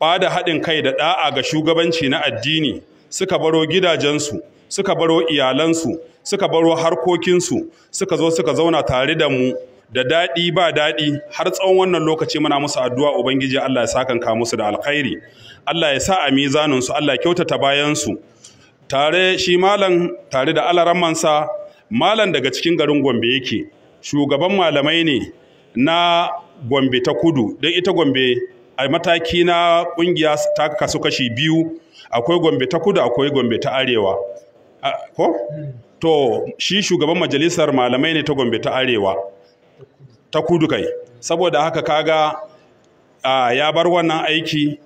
bada haɗin kai da ɗa'a ga shugabanci na addini suka baro gidajensu suka baro iyalansu suka baro harkokinsu suka zo suka zauna tare da mu da daɗi ba daɗi har tsawon wannan lokaci muna musu addu'a ubangiji Allah ya ka musu da alkhairi Allah ya sa a mizanin su Allah ya kyautata bayan su tare shi malam tare da alarammansa malam daga cikin garin Gombe yake shugaban malamai ne na Gombe ta Kudu don ita Gombe a mataki na kungiya ta kasu kashi biyu akwai Gombe ta Kudu akwai Gombe ta Arewa ko to shi shugaban majalisar malamai ne ta Gombe ta Arewa ta kudu kai saboda haka kaga ya bar wannan aiki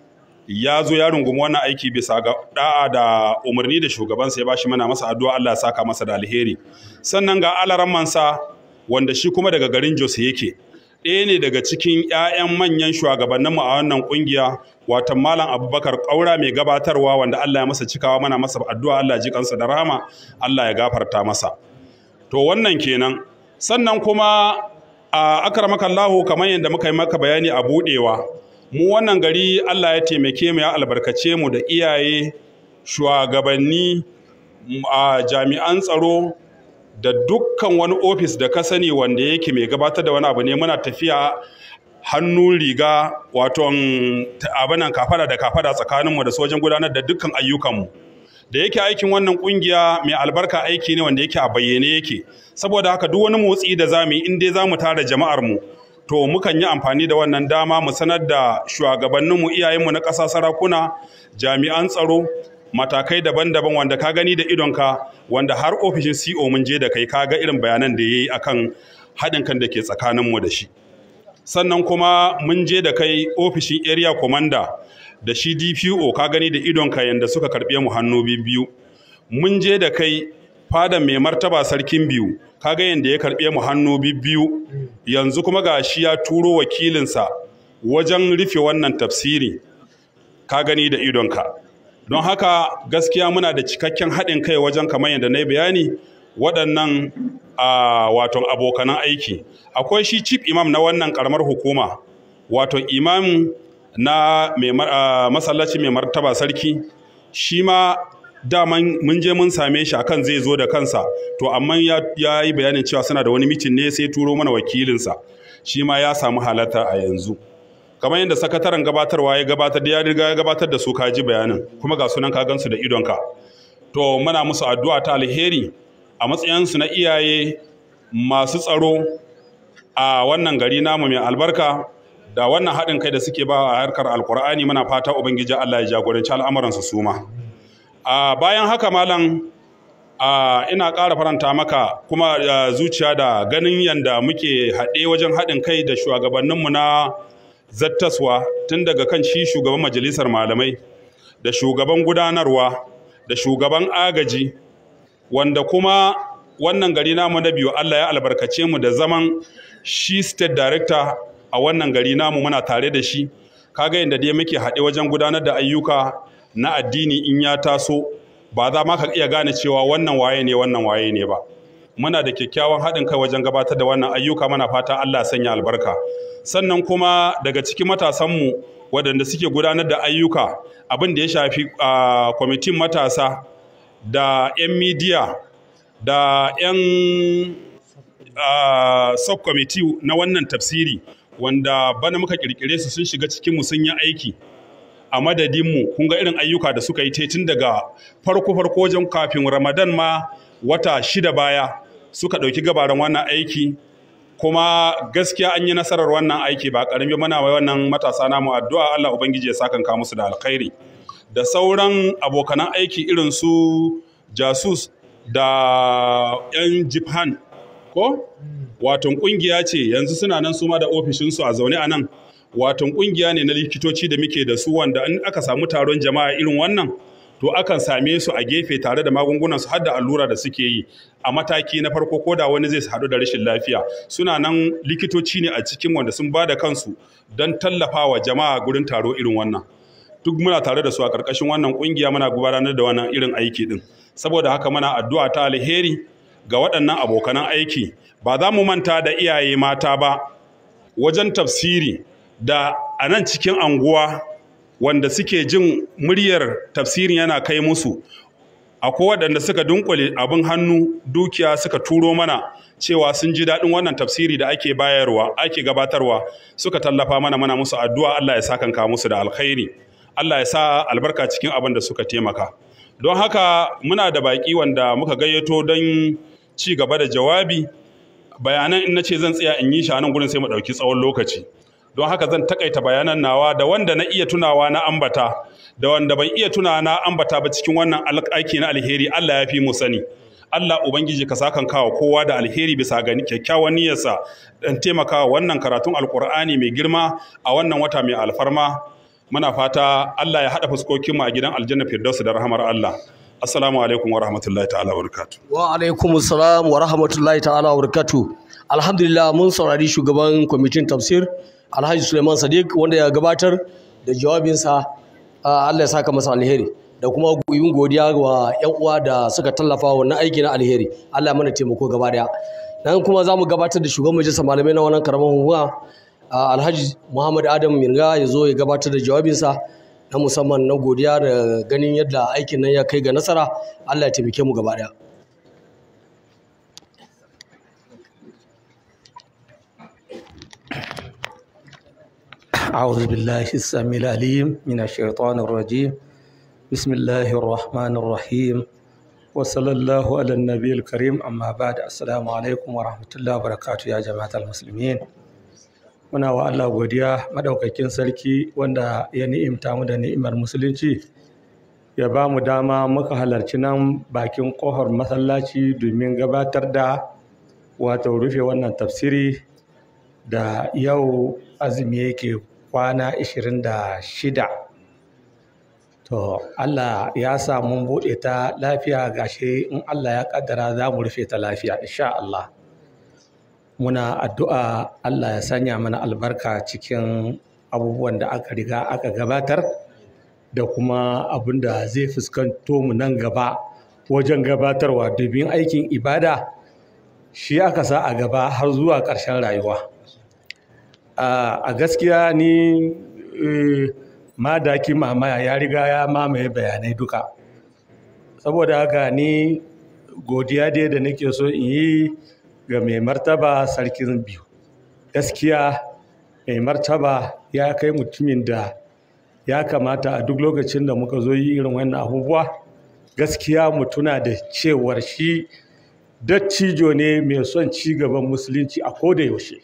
ya zo ya rungumi wannan aiki bisa ga da'a da umarni da shugabansa ya bashi mana masa addu'a Allah ya saka masa da alheri sannan ga alaran mansa wanda shi kuma daga garin Jos yake ɗaya ne daga cikin 'ya'yan manyan mu a wannan ƙungiya wato malam abubakar ƙaura mai gabatarwa wanda allah ya masa cikawa mana masa addu'a allah ya ji kansa da rahama allah ya gafarta masa to wannan kenan sannan kuma a akramaka Allahu kamar yadda muka yi maka bayani a budewa mu wannan gari Allah ya taimake mu ya albarkace mu da iyaye shugabanni a jami'an tsaro da dukkan wani ofis da ka sani wanda yake mai gabatar da wani abu ne muna tafiya hannu riga waton abinan kafada da kafada tsakaninmu da sojan gudanar da dukkan ayyukanmu da yake aikin wannan kungiya mai albarka aiki ne wanda yake a bayyane yake saboda haka duk wani motsi da zamu yi in dai zamu tara jama'ar mu to mukan yi amfani da wannan dama mu sanar da mu iyayen mu na ƙasa sarakuna jami'an tsaro matakai daban-daban wanda ka gani da idonka wanda har ofishin CO e mun je da kai ka ga irin bayanan da yayi akan haɗin kan da ke tsakanin mu da shi sannan kuma mun je da kai ofishin area commander da shi DPO ka gani da idonka yanda suka karbe mu hannu biyu mun je da kai fada mai martaba sarkin biyu ka ga yanda ya karbe mu hannu biyu yanzu kuma ga shi ya turo wakilinsa wajen rufe wannan tafsiri ka gani da idonka don haka gaskiya muna da cikakken haɗin kai wajen kamar yadda na yi bayani waɗannan wato abokanan aiki akwai shi chief imam na wannan karamar hukuma wato imam na masallaci mai martaba sarki shi ma daman mun je mun same shi akan zai zo da kansa to amma ya yi bayanin cewa suna da wani mitin ne sai turo mana wakilinsa shi ma ya samu halatta a yanzu kamar yadda sakataren gabatarwa ya gabatar da ya riga ya gabatar da su ka ji bayanin kuma ga sunan ka gansu da idonka to muna musu addu'a ta alheri a matsayin su na iyaye masu tsaro a wannan gari namu mai albarka da wannan haɗin kai da suke ba a harkar alkur'ani muna fata ubangiji Allah ya jagoranci al'amuransu su ma bayan haka malam ina ƙara faranta maka kuma zuciya da ganin yanda muke haɗe wajen haɗin kai da shugabanninmu na zattaswa tun daga kan shi shugaban majalisar malamai da shugaban gudanarwa da shugaban agaji wanda kuma wannan gari namu na biyu Allah ya albarkace mu da zaman shi state director a wannan gari namu muna tare da shi kaga yadda dai muke haɗe wajen gudanar da ayyuka na addini in ya taso ba za ma ka iya gane cewa wannan waye ne wannan waye ne ba muna da kyakkyawan haɗin kai wajen gabatar da wannan ayyuka muna fata Allah sanya albarka sannan kuma daga cikin matasanmu waɗanda suke gudanar da ayyuka abin da ya shafi kwamitin matasa da 'yan midiya da 'yan subcommittee na wannan tafsiri wanda bana muka kirkire su sun shiga cikin mu sun yi aiki a madadin mu kun ga irin ayyuka da suka yi tun daga farko farko wajen kafin Ramadan ma wata shida baya suka ɗauki gabaran wannan aiki kuma gaskiya an yi nasarar wannan aiki ba karami mana wai wannan matasa namu addu'a Allah ubangiji ya saka ka musu da alkhairi da sauran abokanan aiki irin su jasus da yan jifan ko waton kungiya ce yanzu suna nan su ma da ofishinsu a zaune a nan Watan ƙungiya ne na likitoci da muke da su wanda in aka samu taron jama'a irin wannan to akan same su a gefe tare da magungunansu su har da allura da suke yi a mataki na farko ko da wani zai haɗu da rashin lafiya suna nan likitoci ne a cikin wanda sun ba da kansu don tallafawa jama'a gurin taro irin wannan duk muna tare da su a ƙarƙashin wannan ƙungiya muna gudanar da wannan irin aiki din saboda haka muna addu'a ta alheri ga waɗannan abokanan aiki ba za mu manta da iyaye mata ba wajen tafsiri da a nan cikin anguwa wanda suke jin muryar tafsirin yana kai musu akwai waɗanda suka dunkule abin hannu dukiya suka turo mana cewa sun ji daɗin wannan tafsiri da ake bayarwa ake gabatarwa suka tallafa mana mana musu addu'a Allah ya sa sakanka musu da alkhairi Allah ya sa albarka cikin abin da suka taimaka don haka muna da baƙi wanda muka gayyato don ci gaba da jawabi bayanan in nace zan tsaya in yi shi a nan gurin sai mu ɗauki tsawon lokaci don haka zan takaita bayanan nawa da wanda na iya tunawa na ambata da wanda ban iya tunawa na ambata ba cikin wannan aiki na alheri Allah ya fi mu sani Allah Ubangiji ka sakan kawo kowa da alheri bisa ga kyakkyawan niyyarsa dan taimakawa wannan karatun alkur'ani mai girma a wannan wata mai alfarma muna fata Allah ya haɗa mu a gidan aljanna firdausu da rahamar Allah Assalamu alaikum wa rahmatullahi ta'ala wa barakatu. Wa alaikum assalam wa rahmatullahi ta'ala wa Alhamdulillah mun saurari shugaban kwamitin tafsir Alhaji Suleiman Sadiq wanda ya gabatar da jawabinsa ah, Allah ya saka masa alheri da kuma yin godiya wa ƴan uwa da suka tallafa wannan aiki na alheri. Allah mana taimako gaba daya. Nan kuma za mu gabatar da shugaban majalisar malamai na wannan karamar hukuma ah, Alhaji Muhammad Adam Mirga ya zo ya gabatar da jawabinsa. na musamman na godiya da ganin yadda aikin nan ya kai ga nasara Allah ya taimake mu gaba daya أعوذ بالله السميع العليم من الشيطان الرجيم بسم الله الرحمن الرحيم وصلى الله على النبي الكريم أما بعد السلام عليكم ورحمة الله وبركاته يا جماعة المسلمين muna wa Allah godiya maɗaukakin sarki wanda ya ni'imta mu da ni'imar musulunci ya ba mu dama muka halarci nan bakin kohar masallaci domin gabatar da wato rufe wannan tafsiri da yau azumi yake kwana 26 to Allah ya sa mun buɗe ta lafiya gashi in Allah ya ƙaddara za mu rufe ta lafiya insha Allah muna addu'a Allah ya sanya mana albarka cikin abubuwan da aka riga aka gabatar da kuma abin da zai fuskanto mu nan gaba wajen gabatarwa domin aikin ibada shi aka sa a gaba har zuwa ƙarshen rayuwa a gaskiya ni eh, madaki mamaya ya riga ya mamaye bayanai duka saboda haka ni godiya dai da nake so in yi ga mai martaba sarkin biyu gaskiya mai martaba ya kai mutumin da ya kamata a duk lokacin da muka zo yi irin wannan abubuwa gaskiya mu tuna da cewar shi dattijo ne mai son ci gaban musulunci a koda yaushe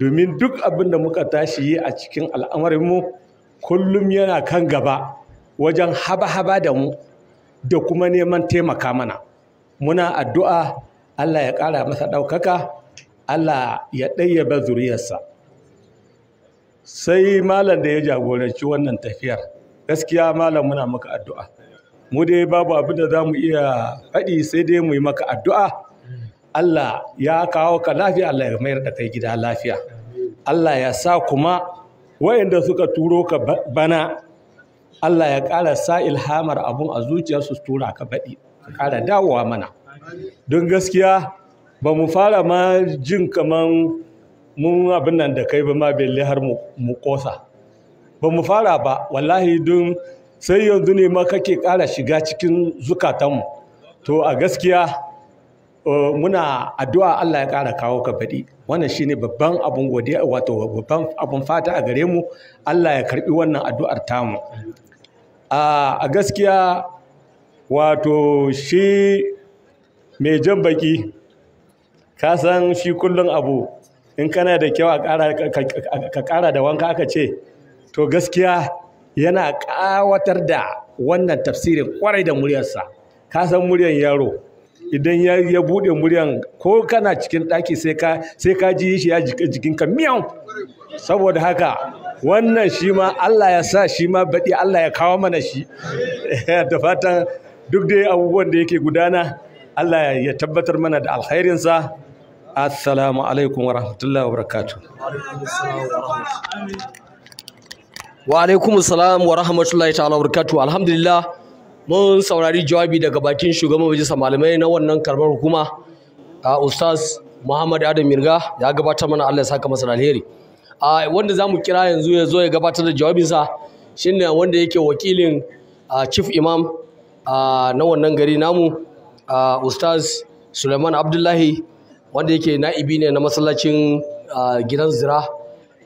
domin duk abin da muka tashi yi a cikin al'amarinmu kullum yana kan gaba wajen haba-haba da mu da kuma neman taimaka mana muna addu'a Allah ya ƙara masa ɗaukaka Allah ya ɗayyaba zuriyarsa sai malam da ya jagoranci wannan tafiyar gaskiya malam muna maka addu'a mu dai babu abin da za mu iya faɗi sai dai mu yi maka addu'a Allah ya kawo ka lafiya Allah ya mayar da kai gida lafiya Allah ya sa kuma wayanda suka turo ka bana Allah ya ƙara sa ilhamar abun a zuciyarsu tura ka baɗi ka ƙara dawowa mana don gaskiya ba mu fara ma jin kaman mun abin nan da kai ba ma belle har mu kosa ba mu fara ba wallahi don sai yanzu ne ma kake ƙara shiga cikin zukatanmu to a gaskiya eh, muna addu'a Allah ya kara kawo ka faɗi wannan shi ne babban abin godiya wato babban abin fata a gare mu Allah ya karɓi wannan addu'ar tamu ah, a gaskiya wato shi mai jan baki ka san shi kullum abu in kana da kyau ka ƙara da wanka aka ce to gaskiya yana ƙawatar da wannan tafsirin kwarai da muryarsa ka san muryar yaro idan ya buɗe muryar ko kana cikin ɗaki sai ka ji shi ya jikinka miyan saboda haka wannan shi ma Allah ya sa shi ma baɗi Allah ya kawo mana shi da fatan duk dai abubuwan da yake gudana Allah ya tabbatar mana da alkhairinsa assalamu alaikum wa rahmatullahi wa barakatuh wa alaikum salam wa rahmatullahi ta'ala wa alhamdulillah mun saurari jawabi daga bakin shugaban majalisar malamai na wannan karbar hukuma a ustaz Muhammad Adam Mirga ya gabatar mana Allah ya saka masa alheri a wanda zamu kira yanzu ya zo ya gabatar da jawabinsa shine wanda yake wakilin chief imam na wannan gari namu ustaz suleiman abdullahi wanda yake na'ibi ne na masallacin gidan zira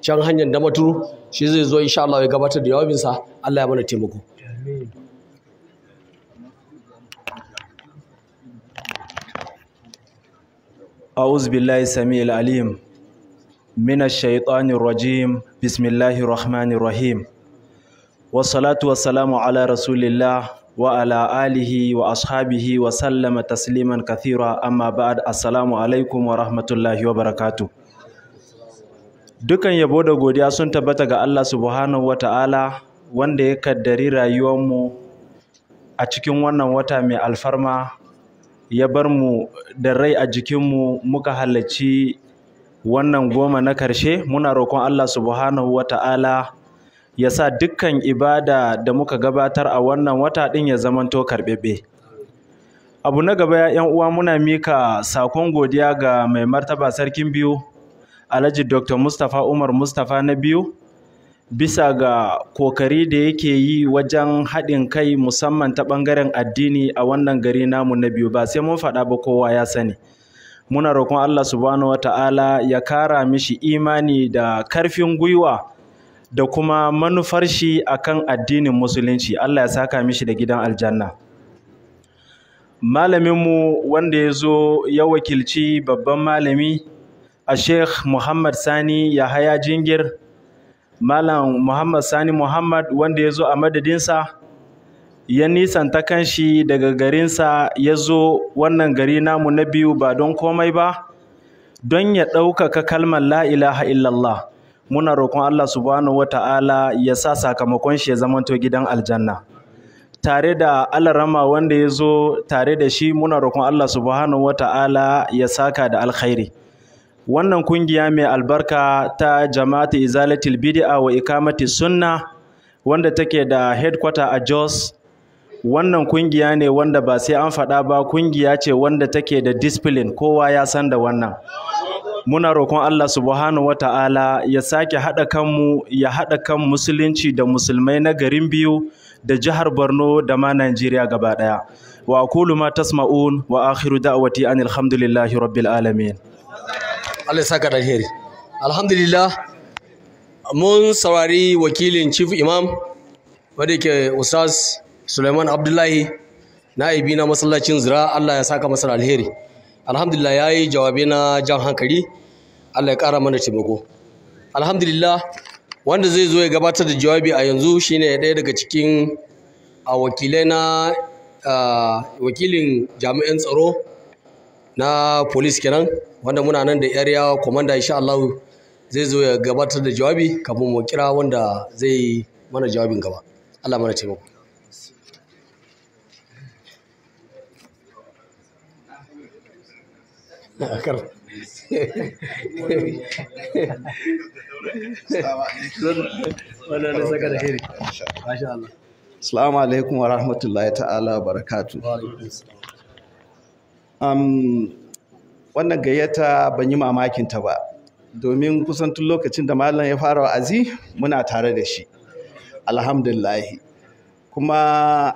can hanyar damaturu shi zai zo insha Allah ya gabatar da yawabinsa Allah ya mana taimako a'udhu billahi السميع alim minash shaitanir rajim bismillahir rahmanir rahim, الرحيم salatu, والسلام على rasulillah. وعلى آله وأصحابه وسلم تسليما كثيرا أما بعد السلام عليكم ورحمة الله وبركاته dukan yabo da godiya sun tabbata ga Allah subhanahu wata'ala wanda ya kaddari rayuwarmu a cikin wannan wata mai alfarma ya bar mu da rai a jikinmu muka halarci wannan goma na karshe muna roƙon Allah subhanahu wata'ala ya sa dukkan ibada da muka gabatar a wannan wata ɗin ya zamanto karɓeɓe. Abu na gaba ya ‘yan uwa muna mika sakon godiya ga mai martaba sarkin biyu, Alhaji Dr. Mustapha Umar Mustapha na biyu, bisa ga kokari da yake yi wajen haɗin kai musamman ta ɓangaren addini a wannan gari namu na biyu ba sai mun faɗa ba kowa ya sani. Muna roƙon Allah subhanahu wa ta'ala ya kara mishi imani da karfin gwiwa. da kuma manufar shi akan addinin musulunci Allah ya saka mishi da gidan aljanna malaminmu wanda ya zo ya wakilci babban malami a sheikh muhammad sani ya haya jingir malam muhammad sani muhammad wanda ya zo a madadinsa ya nisanta kanshi daga garinsa ya zo wannan gari namu na biyu ba don komai ba don ya ɗaukaka kalmar la ilaha illallah muna roƙon Allah subhanahu ta'ala ya sa sakamakon shi ya zamanto gidan aljanna tare da alarama wanda ya zo tare da shi muna roƙon Allah subhanahu wata'ala ya saka da alkhairi wannan kungiya mai albarka ta jama'atu izalatil bid'a wa ikamati sunna wanda take da headquarter a Jos wannan kungiya ne wanda ba sai an faɗa ba kungiya ce wanda take da discipline kowa ya san da wannan muna roƙon Allah subhanahu wata'ala ya sake haɗa kanmu ya haɗa kan musulunci da musulmai na garin biyu da jihar Borno da ma Najeriya gaba ɗaya wa aqulu ma tasma'un wa akhiru da'wati anil hamdulillahi rabbil alamin Allah ya saka da alheri alhamdulillah mun saurari wakilin chief imam wanda ke ustaz Suleiman Abdullahi na'ibi na masallacin Zira Allah ya saka masa alheri alhamdulillah ya yi jawabe na jan hankali allah ya kara mana taimako alhamdulillah wanda zai zo ya gabatar da jawabi a yanzu shine ɗaya daga cikin wakilai na wakilin jami'an tsaro na police kenan wanda muna nan da yariya commander insha Allah zai zo ya gabatar da jawabi kafin mu kira wanda zai mana jawabin gaba Allah mana taimako Assalamu alaikum ta'ala barakatu. Wannan gayyata ban yi mamakinta ba, domin kusantun lokacin da malam ya fara wa'azi muna tare da shi. Alhamdulillahi. Kuma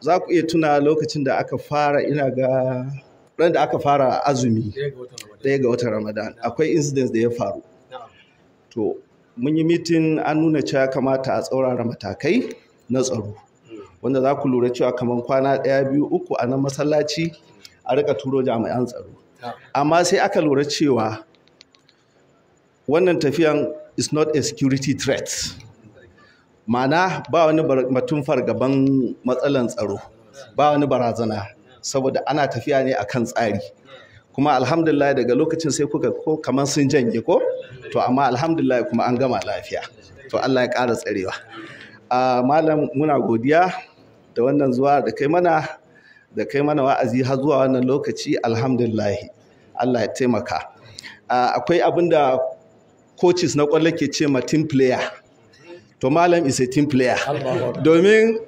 za ku iya tuna lokacin da aka fara ina ga ran da aka fara azumi daya ga watan ramadan akwai incidents da ya faru to mun yi mitin an nuna cewa kamata a tsaurara matakai na tsaro mm. wanda za ku lura cewa kamar kwana ɗaya biyu uku a nan masallaci a rika turo jami'an tsaro amma sai aka lura cewa wannan tafiyan is not a security threat ma'ana ba wani batun fargaban matsalan tsaro ba wani barazana saboda ana tafiya ne a kan tsari kuma alhamdulillah daga lokacin sai kuka ko kamar sun janye ko to amma alhamdulillah kuma an gama lafiya to Allah ya ƙara tsarewa malam muna godiya da wannan zuwa da kai mana da kai mana wa'azi har zuwa wannan lokaci alhamdulillah Allah ya taimaka akwai abin da coaches na kwallo ke ce ma team player to malam is a team player domin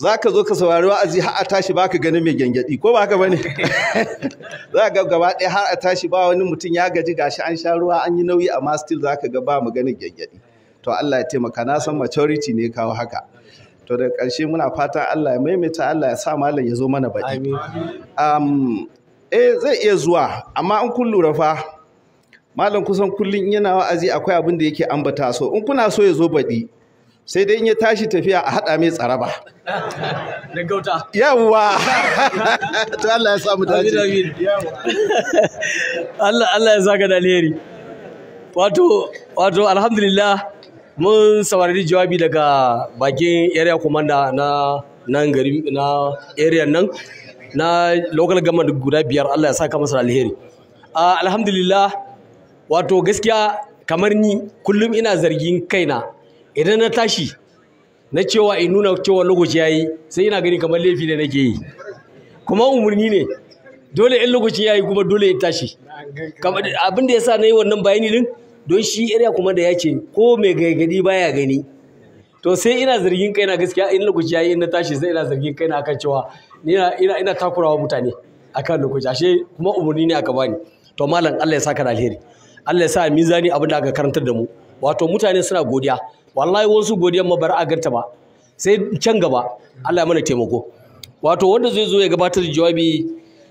za ka zo ka saurari wa'azi har a tashi ba ka gani mai gyangyaɗi ko ba ka ba za ka gaba ɗaya har a tashi ba wani mutum ya gaji ga shi an sha ruwa an yi nauyi amma still za ka ga ba ganin gyangyaɗi to Allah ya taimaka na san maturity ne kawo haka to da ƙarshe muna fatan Allah ya maimaita Allah ya sa malam ya zo mana baɗi um, eh zai iya zuwa amma in kun lura fa malam kusan kullun yana wa'azi akwai abin da yake ambata so in kuna so ya zo baɗi sai dai in ya tashi tafiya a haɗa mai tsaraba ba. yawwa to Allah ya samu dace Allah Allah ya saka da alheri wato wato alhamdulillah mun saurari jawabi daga bakin area commander na nan garin na area nan na local government guda biyar Allah ya saka masa alheri alhamdulillah wato gaskiya kamar ni kullum ina zargin kaina idan na tashi na cewa in nuna cewa lokaci ya yi sai ina gani kamar laifi ne nake yi kuma umarni ne dole in lokacin ya yi kuma dole in tashi abin da ya sa na yi wannan bayani din don shi irya kuma da ya ce ko mai gaigadi baya gani to sai ina zargin kaina gaskiya in lokaci ya yi in na tashi sai ina zargin kaina akan cewa ina ina takurawa mutane akan lokaci ashe kuma umarni ne aka bani to malam Allah ya saka da alheri Allah ya sa mizani abin da aka karantar da mu wato mutane suna godiya wallahi wasu godiyan ma bar a ba sai can gaba Allah ya mana taimako wato wanda zai zo ya gabatar da jawabi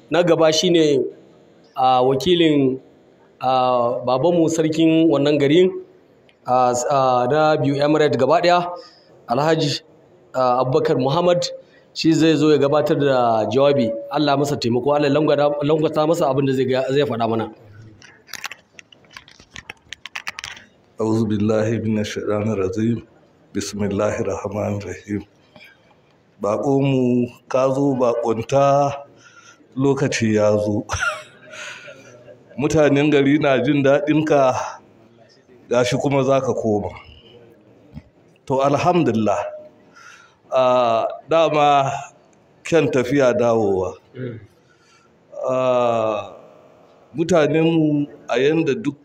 na gaba shine a wakilin babanmu sarkin wannan garin na biyu emirate gaba daya alhaji abubakar muhammad shi zai zo ya gabatar da jawabi Allah masa taimako Allah langwata masa abin da zai faɗa mana أعوذ بالله من الشيطان الرجيم بسم الله الرحمن الرحيم baƙo mu ka zo baƙonta lokaci ya zo mutanen gari na jin daɗinka gashi kuma za ka koma to alhamdulillah a dama kyan tafiya dawowa mutanenmu a yanda duk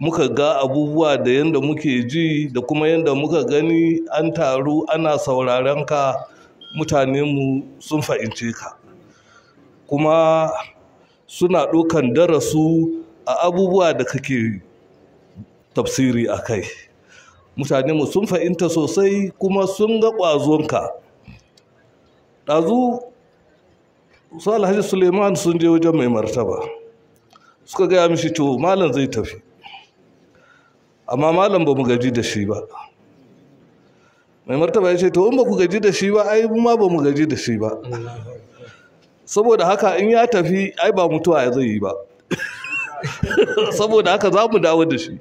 muka ga abubuwa da yadda muke ji da kuma yadda muka gani an taru ana sauraren ka mutanenmu sun fahimce ka kuma suna ɗaukan darasu a abubuwa da kake tafsiri a kai mutanenmu sun fahimta sosai kuma sun ga ƙwazonka ɗazu su alhaji suleiman sun je wajen mai martaba suka gaya mishi to malam zai tafi amma malam ba mu gaji da shi ba mai martaba ya ce to in ba ku gaji da shi ba ai ma ba mu gaji da shi ba saboda haka in ya tafi ai ba mutuwa ya zai yi ba saboda haka za mu dawo da shi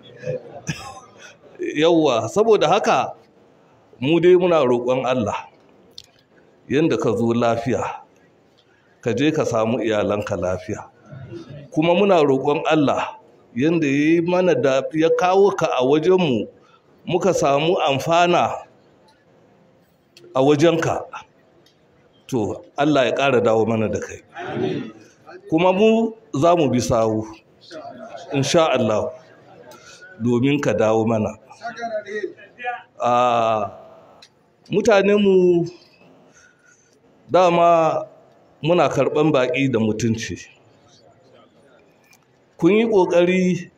yawwa saboda haka mu dai muna roƙon Allah yadda ka zo lafiya ka je ka samu iyalanka lafiya kuma muna roƙon Allah Yanda ya yi mana da ya kawo ka a wajenmu muka samu amfana a wajenka to Allah ya ƙara dawo mana da kai kuma mu za mu bi sawu insha Allah domin ka dawo mana mutanenmu dama muna karɓan baƙi da mutunci kun yi ƙoƙari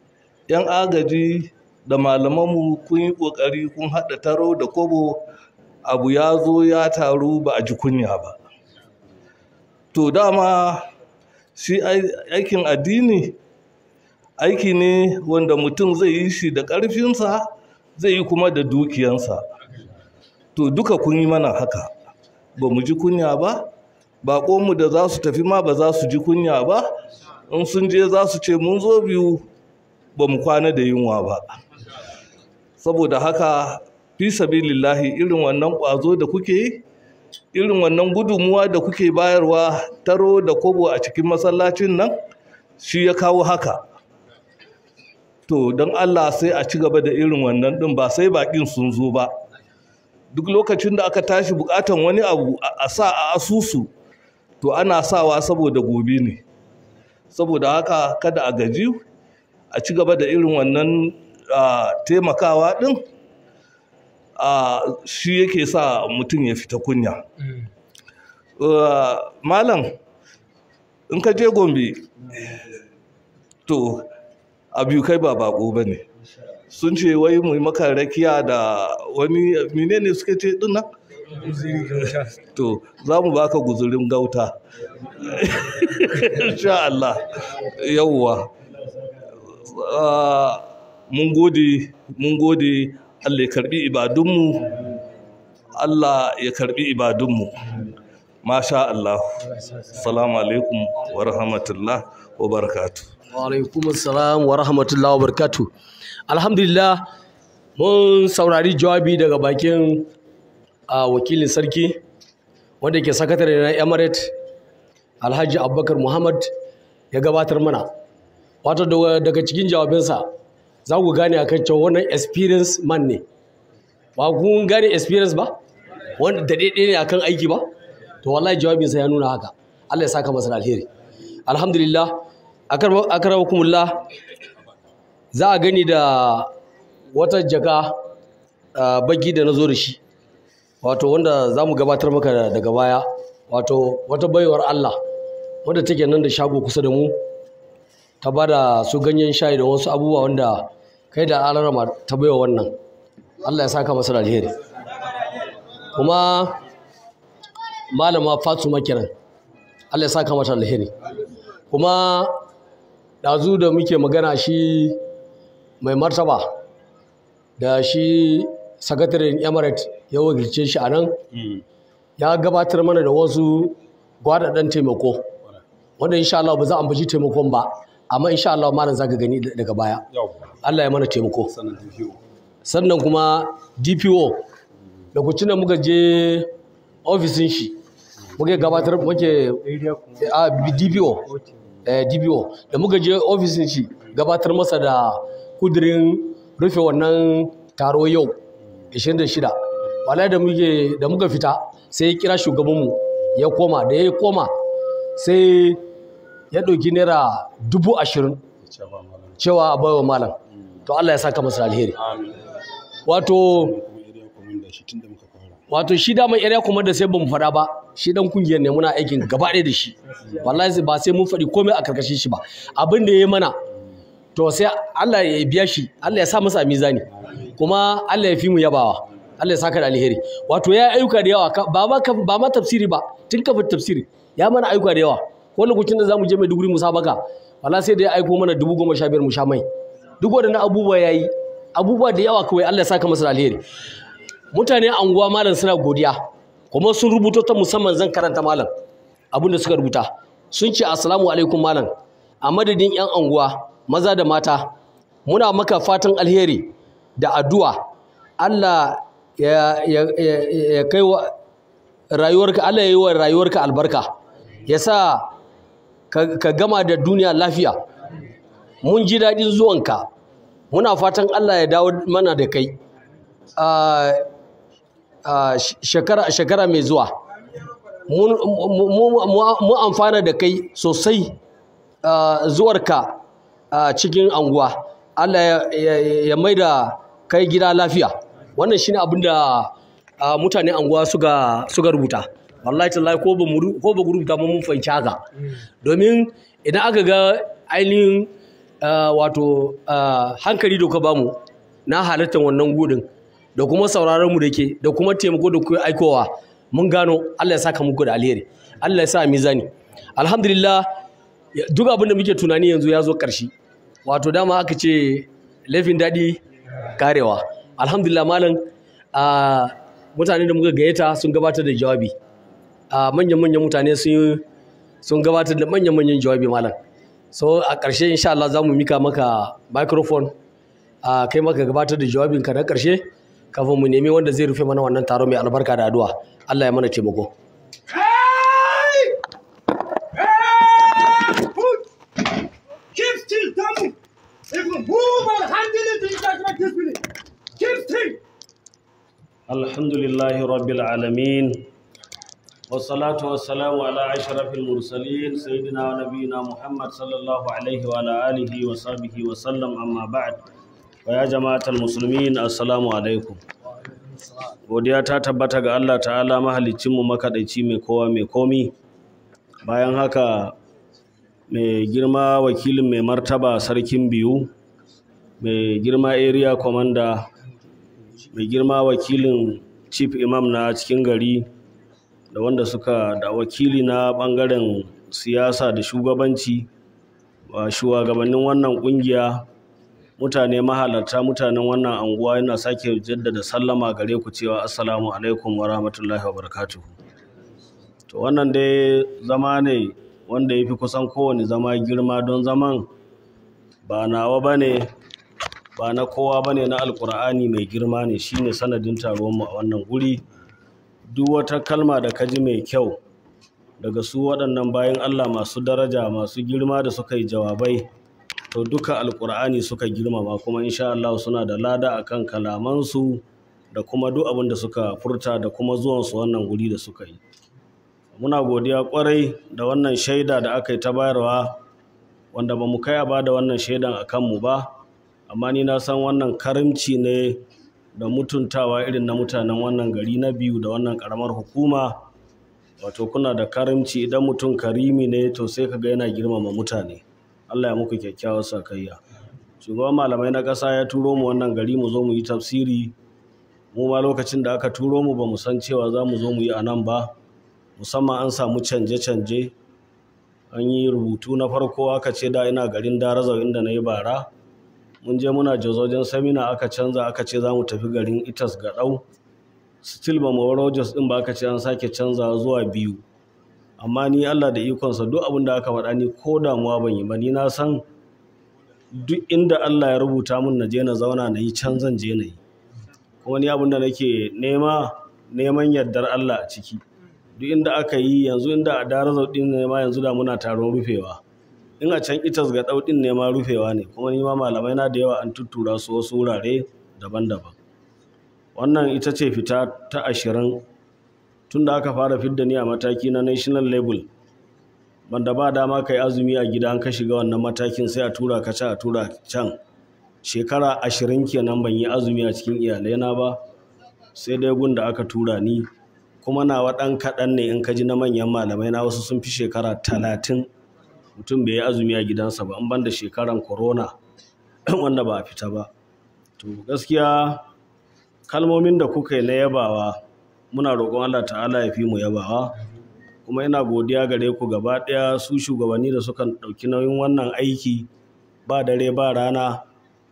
'yan agaji da malamanmu kun yi ƙoƙari kun haɗa taro da kobo abu ya zo ya taru ba a ji kunya ba to dama shi aikin addini aiki ne wanda mutum zai yi shi da ƙarfinsa zai yi kuma da dukiyansa to duka kun yi mana haka ba mu ji kunya ba baƙonmu da za su tafi ma ba za su ji kunya ba in sun je za su ce mun zo biyu ba mu kwana da yunwa ba saboda haka fi sabilillahi irin wannan ƙwazo da kuke yi irin wannan gudunmuwa da kuke bayarwa taro da kobo a cikin masallacin nan shi ya kawo haka to don allah sai a ci gaba da irin wannan din ba sai baƙin sun zo ba duk lokacin da aka tashi buƙatan wani abu a sa a asusu to ana sawa saboda gobe ne saboda haka kada a gaji a ci gaba da irin wannan taimakawa ɗin shi yake sa mutum ya fita kunya mm. uh, malam in ka je gombe to abu kai ba bako ba ne sun ce wai mu rakiya da wani menene suka ce dinnan to za mu baka guzurin gauta insha Allah yawwa ah, mun gode mun gode Allah ya karbi ibadunmu Allah ya karbi ibadunmu masha Allah assalamu alaikum wa rahmatullah wa barakatuh wa alaikum assalam wa rahmatullah wa barakatuh alhamdulillah mun saurari jawabi daga bakin a wakilin sarki wanda ke sakatare na emirate alhaji abubakar muhammad ya gabatar mana wato daga cikin jawabinsa za ku gane a kan cewa wannan experience man ne ba kun gane experience ba wanda da daidai ne a kan aiki ba to wallahi jawabinsa ya nuna haka Allah ya saka masa alheri alhamdulillah akramakumullah za a gani da wata jaka baki da na zo da shi wato wanda za mu gabatar maka daga baya wato wata baiwar Allah wadda take nan da shago kusa da mu ta ba da su ganyen shayi da wasu abubuwa wanda kai da alarama ta baiwa wannan Allah ya saka masa masu alheri kuma malama Fatima kiran Allah ya saka mata alheri kuma dazu da muke magana shi mai martaba da shi sakataren emirates ya wakilce shi a nan ya gabatar mana da wasu gwadadan taimako wanda insha Allah ba za a ambaci taimakon ba amma insha Allah malam zaka gani daga baya Allah ya mana taimako sannan kuma DPO da ku cinan muka je ofisin shi muke gabatar muke a DPO eh DPO da muka je ofisin shi gabatar masa da kudirin rufe wannan taro yau 26 wala da muke da muka fita sai ya kira shugabanmu ya koma da ya koma sai ya ɗauki naira dubu ashirin cewa a malam to Allah ya saka masa alheri wato wato shi dama area kuma da sai bamu faɗa ba shi dan kungiyar ne muna aikin gaba ɗaya da shi wallahi ba sai mun faɗi komai a karkashin shi ba abin da ya yi mana to sai Allah ya biya shi Allah ya sa masa mizani kuma Allah ya fi mu yabawa Allah ya saka da alheri wato ya ayyuka da yawa ba ma ba ma tafsiri ba tun kafin tafsiri ya mana ayyuka da yawa ko lokacin da zamu je mai duguri musabaka wala sai da ya aiko mana dubu goma sha biyar mu sha mai duk waɗannan abubuwa ya yi abubuwa da yawa kawai Allah ya saka masa da alheri mutane unguwa malam suna godiya kuma sun rubuto ta musamman zan karanta malam abinda suka rubuta sun ce assalamu alaikum malam a madadin yan anguwa maza da mata muna maka fatan alheri da addu'a Allah ya, kai rayuwarka Allah ya yi wa rayuwarka albarka ya sa ka, gama da duniya lafiya mun ji daɗin zuwanka muna fatan Allah ya dawo mana da kai shekara, shekara mai zuwa mu amfana da kai sosai zuwarka cikin anguwa Allah ya mai da kai gida lafiya wannan shine abin da mutane anguwa suka rubuta wallahi tallahi ko ba rubuta mun fahimci haka domin idan aka ga ainihin wato hankali da ka bamu na halittar wannan gudun da kuma sauraron da ke da kuma taimako da ku aikowa mun gano Allah ya saka muku da alheri Allah ya sa mizani alhamdulillah duk abin da muke tunani yanzu ya zo ƙarshe wato dama aka ce laifin daɗi karewa alhamdulillah malam mutane da muka gayyata sun gabatar da jawabi manyan-manyan mutane sun gabatar da manyan-manyan jawabi malam so a ƙarshe insha Allah za mu mika maka microphone kai maka gabatar da jawabinka na ƙarshe kafin mu nemi wanda zai rufe mana wannan taro mai albarka da addu'a Allah ya mana taimako will come. It will move our hand in it in judgment this minute. Keep still. الحمد لله رب والصلاة والسلام على أشرف المرسلين سيدنا ونبينا محمد صلى الله عليه وعلى آله وصحبه وسلم أما بعد ويا جماعة المسلمين السلام عليكم godiya ta tabbata ga Allah ta'ala mahaliccinmu makaɗaici mai kowa mai komi bayan haka mai girma wakilin mai martaba sarkin biyu mai girma area commander mai girma wakilin chief imam na cikin gari da wanda suka da wakili na bangaren siyasa da shugabanci shugabannin wannan ƙungiya mutane mahalarta mutanen wannan anguwa yana sake jaddada sallama gare ku cewa assalamu alaikum wa rahmatullahi wa barakatuhu to wannan dai zama ne wanda ya fi kusan kowane zama girma don zaman ba nawa ba ne ba na kowa ba ne na alkur'ani mai girma ne shine sanadin mu a wannan guri duk wata kalma da ka ji mai kyau daga su waɗannan bayan allah masu daraja masu girma da suka yi jawabai to duka alkur'ani suka girmama kuma insha Allah suna da lada akan kalamansu da kuma duk abin da suka furta da kuma zuwansu wannan guri da suka yi muna godiya kwarai da wannan shaida da aka yi ta bayarwa wanda ba mu kai a bada wannan shaidan a kanmu ba amma ni na san wannan karimci ne da mutuntawa irin na mutanen wannan gari na biyu da wannan karamar hukuma wato kuna da karimci idan mutum karimi ne to sai ga yana girmama mutane Allah ya muku kyakkyawar sakayya shugaban malamai na ƙasa ya turo mu wannan gari mu zo mu yi tafsiri mu ma lokacin da aka turo mu ba mu san cewa za mu zo mu yi a nan ba musamman an samu canje-canje an yi rubutu na farko aka ce da ina garin darazau inda na yi bara mun je muna wajen samina aka canza aka ce za mu tafi garin itas ga still ba mu rogers ɗin ba aka ce an sake canza zuwa biyu amma ni allah da ikonsa duk abin da aka faɗa ni ko damuwa ban yi ba ni na san duk inda allah ya rubuta mun na je na zauna na yi can je na yi kuma ni abin da nake nema neman yardar allah a ciki duk inda aka yi yanzu inda a darazau ɗin ne yanzu da muna taron rufewa in a can itas ga ɗau ɗin ne rufewa ne kuma ni ma malamai na da yawa an tuttura su wasu wurare daban-daban wannan ita ce fita ta ashirin tun da aka fara fidda ni a mataki na national Ban banda ba dama yi azumi a gida an ka shiga wannan matakin sai a tura ka can a tura can shekara ashirin kenan ban yi azumi a cikin iyalaina ba sai dai gun da aka tura ni kuma nawa ɗan kaɗan ne in ka ji na manyan malamai na wasu sun fi shekara talatin mutum bai yi azumi a gidansa ba in ban da shekaran corona wanda ba a fita ba to gaskiya kalmomin da kuka yi na yabawa muna roƙon Allah ta'ala ya fi mu yabawa kuma ina godiya gare ku gaba ɗaya su shugabanni da suka ɗauki nauyin wannan aiki ba dare ba rana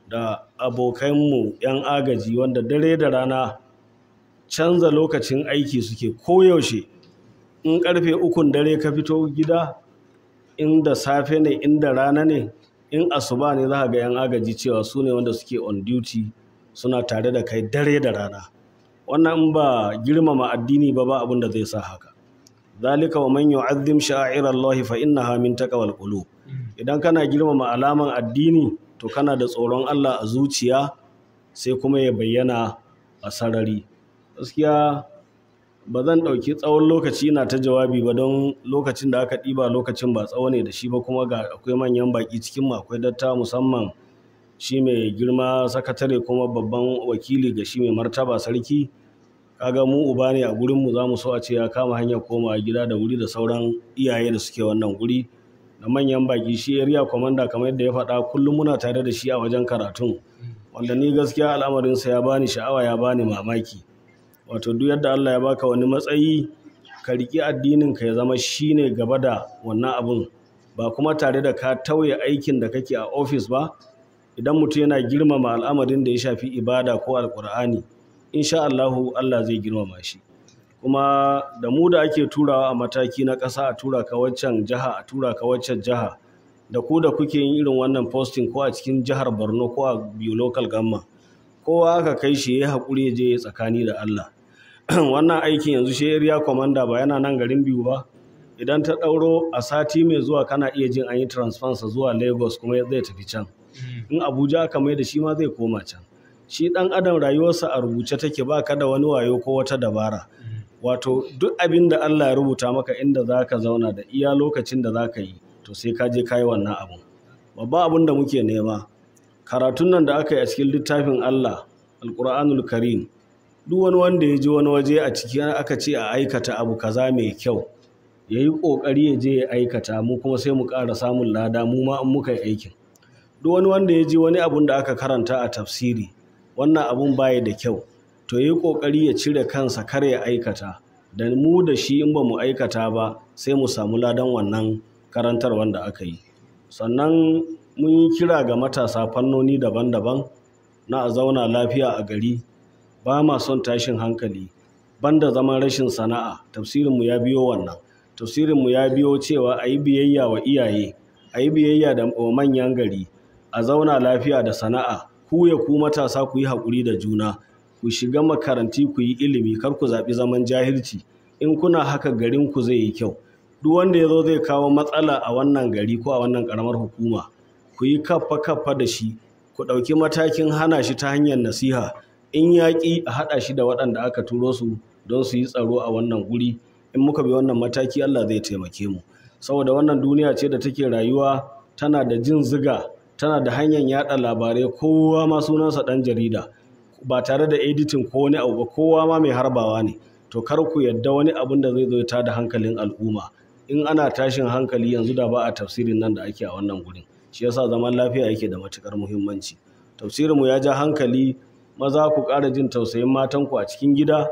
da abokanmu 'yan agaji wanda dare da rana canza lokacin aiki suke koyaushe in karfe ukun dare ka fito gida inda safe ne inda rana ne in asuba ne za ga 'yan agaji cewa su ne wanda suke on duty suna tare da kai dare da rana wannan in ba girmama addini ba ba abin da zai sa haka zalika wa man yu'azzim Allah fa innaha min taqwal qulub idan kana girmama alaman addini to kana da tsoron Allah a zuciya sai kuma ya bayyana a sarari gaskiya ba zan ɗauki tsawon lokaci na ta jawabi ba don lokacin da aka ɗiba lokacin ba tsawo ne da shi ba kuma ga akwai manyan baƙi cikin mu akwai datta musamman shi mai girma sakatare kuma babban wakili ga shi mai martaba sarki kaga mu uba ne a gurin mu zamu so a ce ya kama hanyar koma gida da wuri da sauran iyaye da suke wannan guri da manyan baƙi shi area commander kamar yadda ya faɗa kullum muna tare da shi a wajen karatun wanda ni gaskiya sa ya bani sha'awa ya bani mamaki wato duk yadda Allah ya baka wani matsayi ka riƙi addininka ya zama shi ne gaba da wannan abun ba kuma tare da ka tauye aikin da kake a ofis ba idan mutum yana girmama al'amarin da ya shafi ibada ko Alkur'ani, insha Allahu Allah zai girmama shi kuma da mu da ake turawa a mataki na ƙasa a tura ka waccan jiha a tura ka waccan jiha da ku da kuke yin irin wannan posting ko a cikin jihar Borno ko a biyu local gamma kowa aka kai shi ya haƙuri je tsakani da Allah wannan aikin yanzu shi area commander ba yana nan garin biyu ba idan ta ɗauro a sati mai zuwa kana iya jin an yi transfansa zuwa lagos kuma zai tafi can hmm. in abuja aka mai da shi ma zai koma can shi ɗan adam rayuwarsa a rubuce take ba ka da wani wayo ko wata dabara hmm. wato duk abin da allah ya rubuta maka inda za ka zauna da iya lokacin da za ka yi to sai ka je ka yi wannan abun babban abin da muke nema karatun nan da aka yi a cikin littafin allah alkur'anul karim duk wani wanda ya ji wani waje a ciki aka ce a aikata abu kaza mai kyau ya yi ƙoƙari ya je ya aikata mu kuma sai mu ƙara samun lada mu ma in muka yi aikin duk wani wanda ya ji wani abun da aka karanta a tafsiri wannan abun baya da kyau to ya yi ƙoƙari ya cire kansa kar ya aikata da mu da shi in ba mu aikata ba sai mu samu ladan wannan karantar wanda aka yi sannan mun yi kira ga matasa fannoni daban-daban na a zauna lafiya a gari ba ma son tashin hankali banda zaman rashin sana'a tafsirinmu ya biyo wannan tafsirinmu ya biyo cewa a yi biyayya wa iyaye a yi biyayya da manyan gari a zauna lafiya da sana'a ku ya ku matasa ku yi haƙuri da juna ku shiga makaranti ku yi ilimi kar ku zaɓi zaman jahilci in kuna haka garin ku zai yi kyau duk wanda ya zo zai kawo matsala a wannan gari ko a wannan ƙaramar hukuma ku yi kaffa kaffa da shi ku ɗauki matakin hana shi ta hanyar nasiha in yaƙi a haɗa shi da waɗanda aka turo su don su yi tsaro a wannan guri in muka bi wannan mataki Allah zai taimake mu saboda wannan duniya ce da take rayuwa tana da jin ziga tana da hanyar yaɗa labarai kowa ma sunansa ɗan jarida ba tare da editing ko wani abu ba kowa ma mai harbawa ne to kar ku yadda wani abin da zai zo ta da hankalin al'umma in ana tashin hankali yanzu da ba a tafsirin nan da ake a wannan gurin shi yasa zaman lafiya yake da matukar muhimmanci tafsirinmu ya ja hankali maza ku ƙara jin tausayin matanku a cikin gida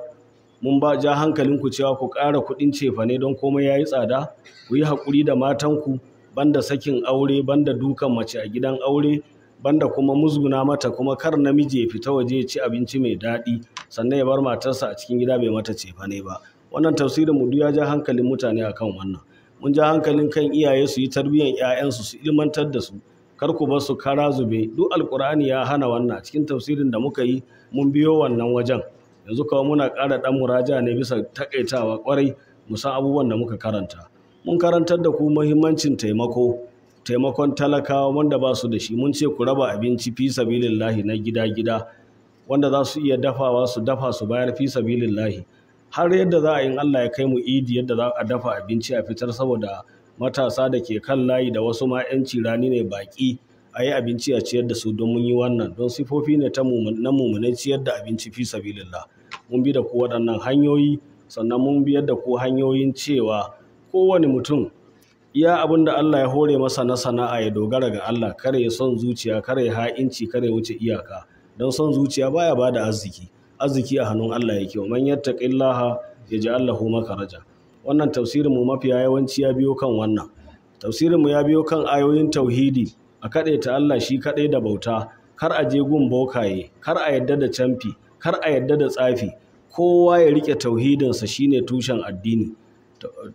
mun ba ja hankalinku cewa ku ƙara kuɗin cefane don komai ya yi tsada ku yi haƙuri da matanku banda sakin aure banda dukan mace a gidan aure banda kuma muzguna mata kuma kar namiji ya fita waje ya ci abinci mai daɗi sannan ya bar matarsa a cikin gida bai mata cefane ba wannan tafsirin mu duk ya ja hankalin mutane akan wannan mun ja hankalin kan iyaye su yi tarbiyyar 'ya'yansu su ilmantar da su kar ku bar su kara zube duk alkur'ani ya hana wannan cikin tafsirin da muka yi mun biyo wannan wajen yanzu kawai muna kara ɗan muraja ne bisa takaitawa kwarai mu san abubuwan da muka karanta mun karantar da ku muhimmancin taimako taimakon talakawa wanda ba su da shi mun ce ku raba abinci fi sabilillahi na gida gida wanda za su iya dafawa su dafa su bayar fi sabilillahi har yadda za a yi Allah ya kai mu idi yadda za a dafa abinci a fitar saboda matasa da ke kan layi da wasu ma 'yanci rani ne baƙi a yi abinci a ciyar da su don mun yi wannan don sifofi ne na mummunan ciyar da abinci fi sabilillah mun bi da ku waɗannan hanyoyi sannan mun biyar da ku hanyoyin cewa kowane mutum iya abin da Allah ya hore masa na sana'a ya dogara ga Allah kare ya son zuciya kare ha'inci kare wuce iyaka don son zuciya baya bada arziki arziki a hannun Allah yake man yattaqillaha yaj'al lahu makaraja wannan tafsirin mu mafiya yawanci ya biyo kan wannan tafsirin mu ya biyo kan ayoyin tauhidi a ta Allah shi kaɗai da bauta kar a je gun bokaye kar a yadda da camfi kar a yadda da tsafi kowa ya rike tauhidinsa shine tushen addini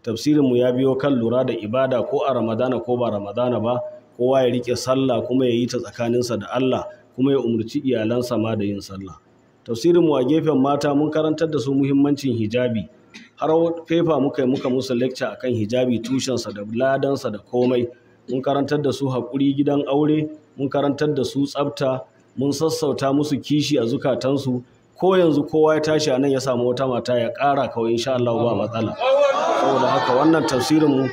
tafsirin mu ya biyo kan lura da ibada ko a ramadana ko ba ramadana ba kowa ya rike sallah kuma ya yi ta tsakaninsa da Allah kuma ya umarci iyalansa ma da yin sallah tafsirin mu a gefen mata mun karantar da su muhimmancin hijabi har fefa muka yi muka musu lecture kan hijabi tushensa da ladansa da komai mun karantar da su haƙuri gidan aure mun karantar da su tsafta mun sassauta musu kishi a zukatansu ko yanzu kowa ya tashi a nan ya samu wata mata ya ƙara kawai insha Allah ba matsala saboda haka wannan tafsirin mu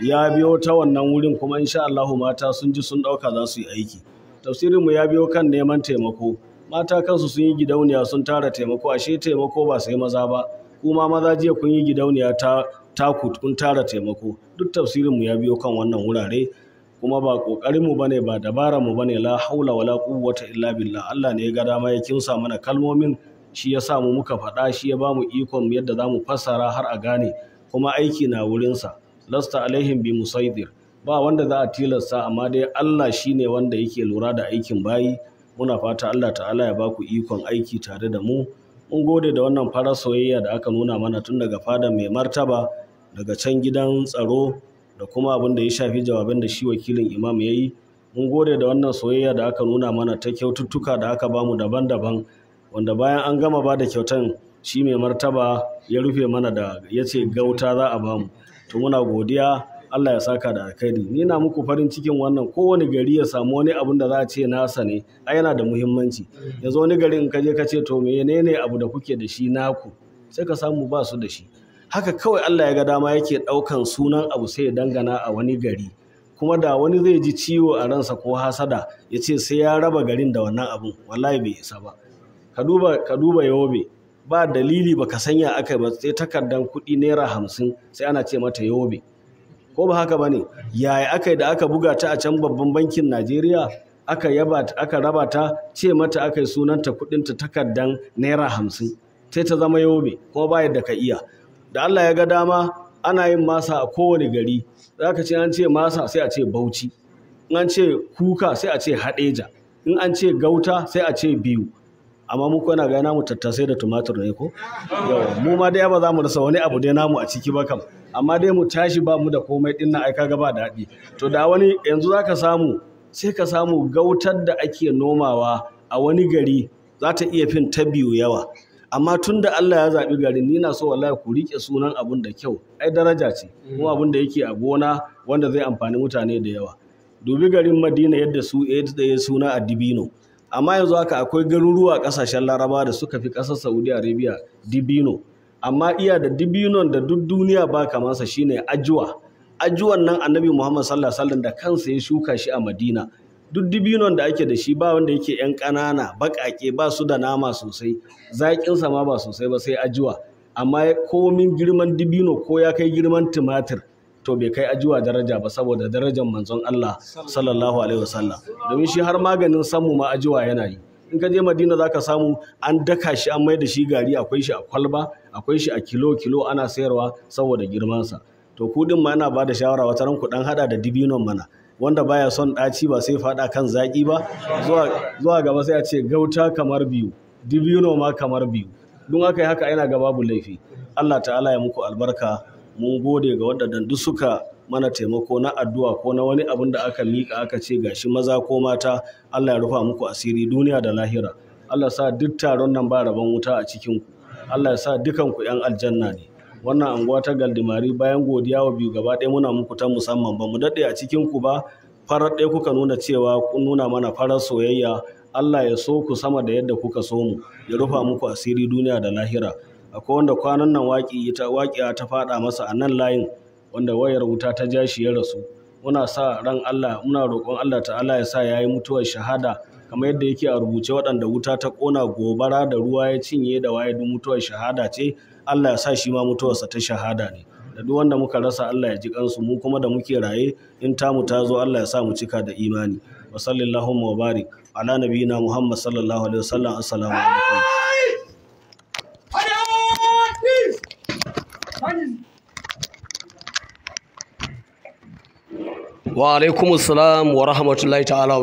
ya biyo ta wannan wurin kuma insha Allah mata sun ji sun ɗauka za su yi aiki tafsirin mu ya biyo kan neman taimako mata kansu sun yi gidauniya sun tara taimako ashe taimako ba sai maza ba kuma maza jiya kun yi gidauniya ta taku kun tara taimako duk tafsirin mu ya biyo kan wannan wurare kuma ba kokarin mu bane ba dabarar mu bane la haula wala quwwata illa billah Allah ne ya ga dama ya kinsa mana kalmomin shi ya sa mu muka faɗa shi ya ba mu ikon yadda zamu fassara har a gane kuma aiki na wurin sa lasta alaihim bi musaidir ba wanda za a tilasta amma dai Allah shine wanda yake lura da aikin bayi muna fata Allah ta'ala ya baku ikon aiki tare da mu mun gode da wannan farar soyayya da aka nuna mana tun daga fada mai martaba daga can gidan tsaro da kuma abin da ya shafi jawabin da shi wakilin imam ya yi mun gode da wannan soyayya da aka nuna mana ta kyaututtuka da aka bamu daban-daban wanda bayan an gama ba da kyautan shi mai martaba ya rufe mana da ya ce gauta za a bamu to muna godiya Allah ya saka da alkhairi ni na muku farin cikin wannan kowane gari ya samu wani abin da za a ce nasa ne ai yana da muhimmanci yanzu wani gari in ka je ka ce to menene abu da kuke da shi naku sai ka samu ba su da shi haka kawai Allah ya ga dama yake ɗaukan sunan abu sai ya dangana a wani gari kuma da wani zai ji ciwo a ransa ko hasada ya ce sai ya raba garin da wannan abun wallahi bai isa ba ka duba ka duba yobe ba dalili baka sanya aka ba sai takardan kuɗi naira hamsin sai ana ce mata yobe ko ba haka bane yaya aka yi da aka buga ta a can babban bankin Najeriya aka yaba aka raba ta ce mata aka yi sunanta kudinta takardan naira hamsin sai ta zama yobe kuma ba yadda ka iya da Allah ya ga dama ana yin masa a kowane gari zaka ce an ce masa sai a ce bauchi in an ce kuka sai a ce hadeja in an ce gauta sai a ce biyu amma mu kuna ga mu tattasai da tumatir ne ko yawa mu ma dai ba za mu rasa wani abu dai namu a ciki ba kam amma dai mu tashi ba mu da komai din nan ai kaga ba daɗi to da wani yanzu zaka samu sai ka samu gautar da ake nomawa a wani gari za ta iya fin ta biyu yawa amma tun da Allah ya zaɓi garin ni na so wallahi ku rike sunan abun da kyau ai daraja ce mu abun da yake a gona wanda zai amfani mutane da yawa dubi garin Madina yadda su ya suna a Dibino amma yanzu haka akwai garuruwa ƙasashen Laraba da suka fi ƙasar Saudi Arabia Dibino amma iya da dibinon da duk duniya ba kamansa shine ajuwa ajuwan nan annabi Muhammad sallallahu alaihi wasallam da kansa ya shuka shi a Madina duk dibinon da ake da shi ba wanda yake yan ƙanana baƙaƙe ba su da nama sosai zaƙin sa ma ba sosai ba sai ajuwa amma komin girman dibino ko ya kai girman tumatir to bai kai ajuwa daraja ba saboda darajar manzon Allah sallallahu alaihi wasallam domin shi har maganin samu ma ajuwa yana yi in ka je Madina zaka samu an daka shi an mai da shi gari akwai shi a kwalba akwai shi a kilo kilo ana sayarwa saboda girmansa to ku din ma ina ba da shawara wata ran ku dan hada da dibinon mana wanda baya son daci ba sai fada kan zaki ba zuwa gaba sai a ce gauta kamar biyu dibino ma kamar biyu don haka haka yana ga babu laifi Allah ta'ala ya muku albarka mun gode ga wadanda duk suka mana taimako na addu'a ko na wani abin da aka mika aka ce gashi maza ko mata Allah ya rufa muku asiri duniya da lahira Allah sa duk taron nan ba rabon wuta a cikin ku Allah ya sa dukan ku 'yan aljanna ne wannan anguwa ta galdimari bayan godiya wa biyu gaba ɗaya muna muku ta musamman ba mu daɗe a cikin ku ba farar ɗaya kuka nuna cewa kun nuna mana farar soyayya Allah ya so ku sama da yadda kuka so mu ya rufa muku asiri duniya da lahira akwai wanda kwanan nan waki ta waki ta faɗa masa a nan layin wanda wayar wuta ta jashi ya rasu muna sa ran Allah muna roƙon Allah ta'ala ya sa yayi mutuwar shahada kamar yadda yake a rubuce waɗanda wuta ta ƙona gobara da ruwa ya cinye da waye duk mutuwar shahada ce Allah ya sa shi ma mutuwarsa ta shahada ne da duk wanda muka rasa Allah ya ji kansu mu kuma da muke raye in tamu ta zo Allah ya sa mu cika da imani wa sallallahu wa barik ala nabiyina Muhammad sallallahu alaihi wasallam assalamu alaikum wa alaikumussalam wa rahmatullahi ta'ala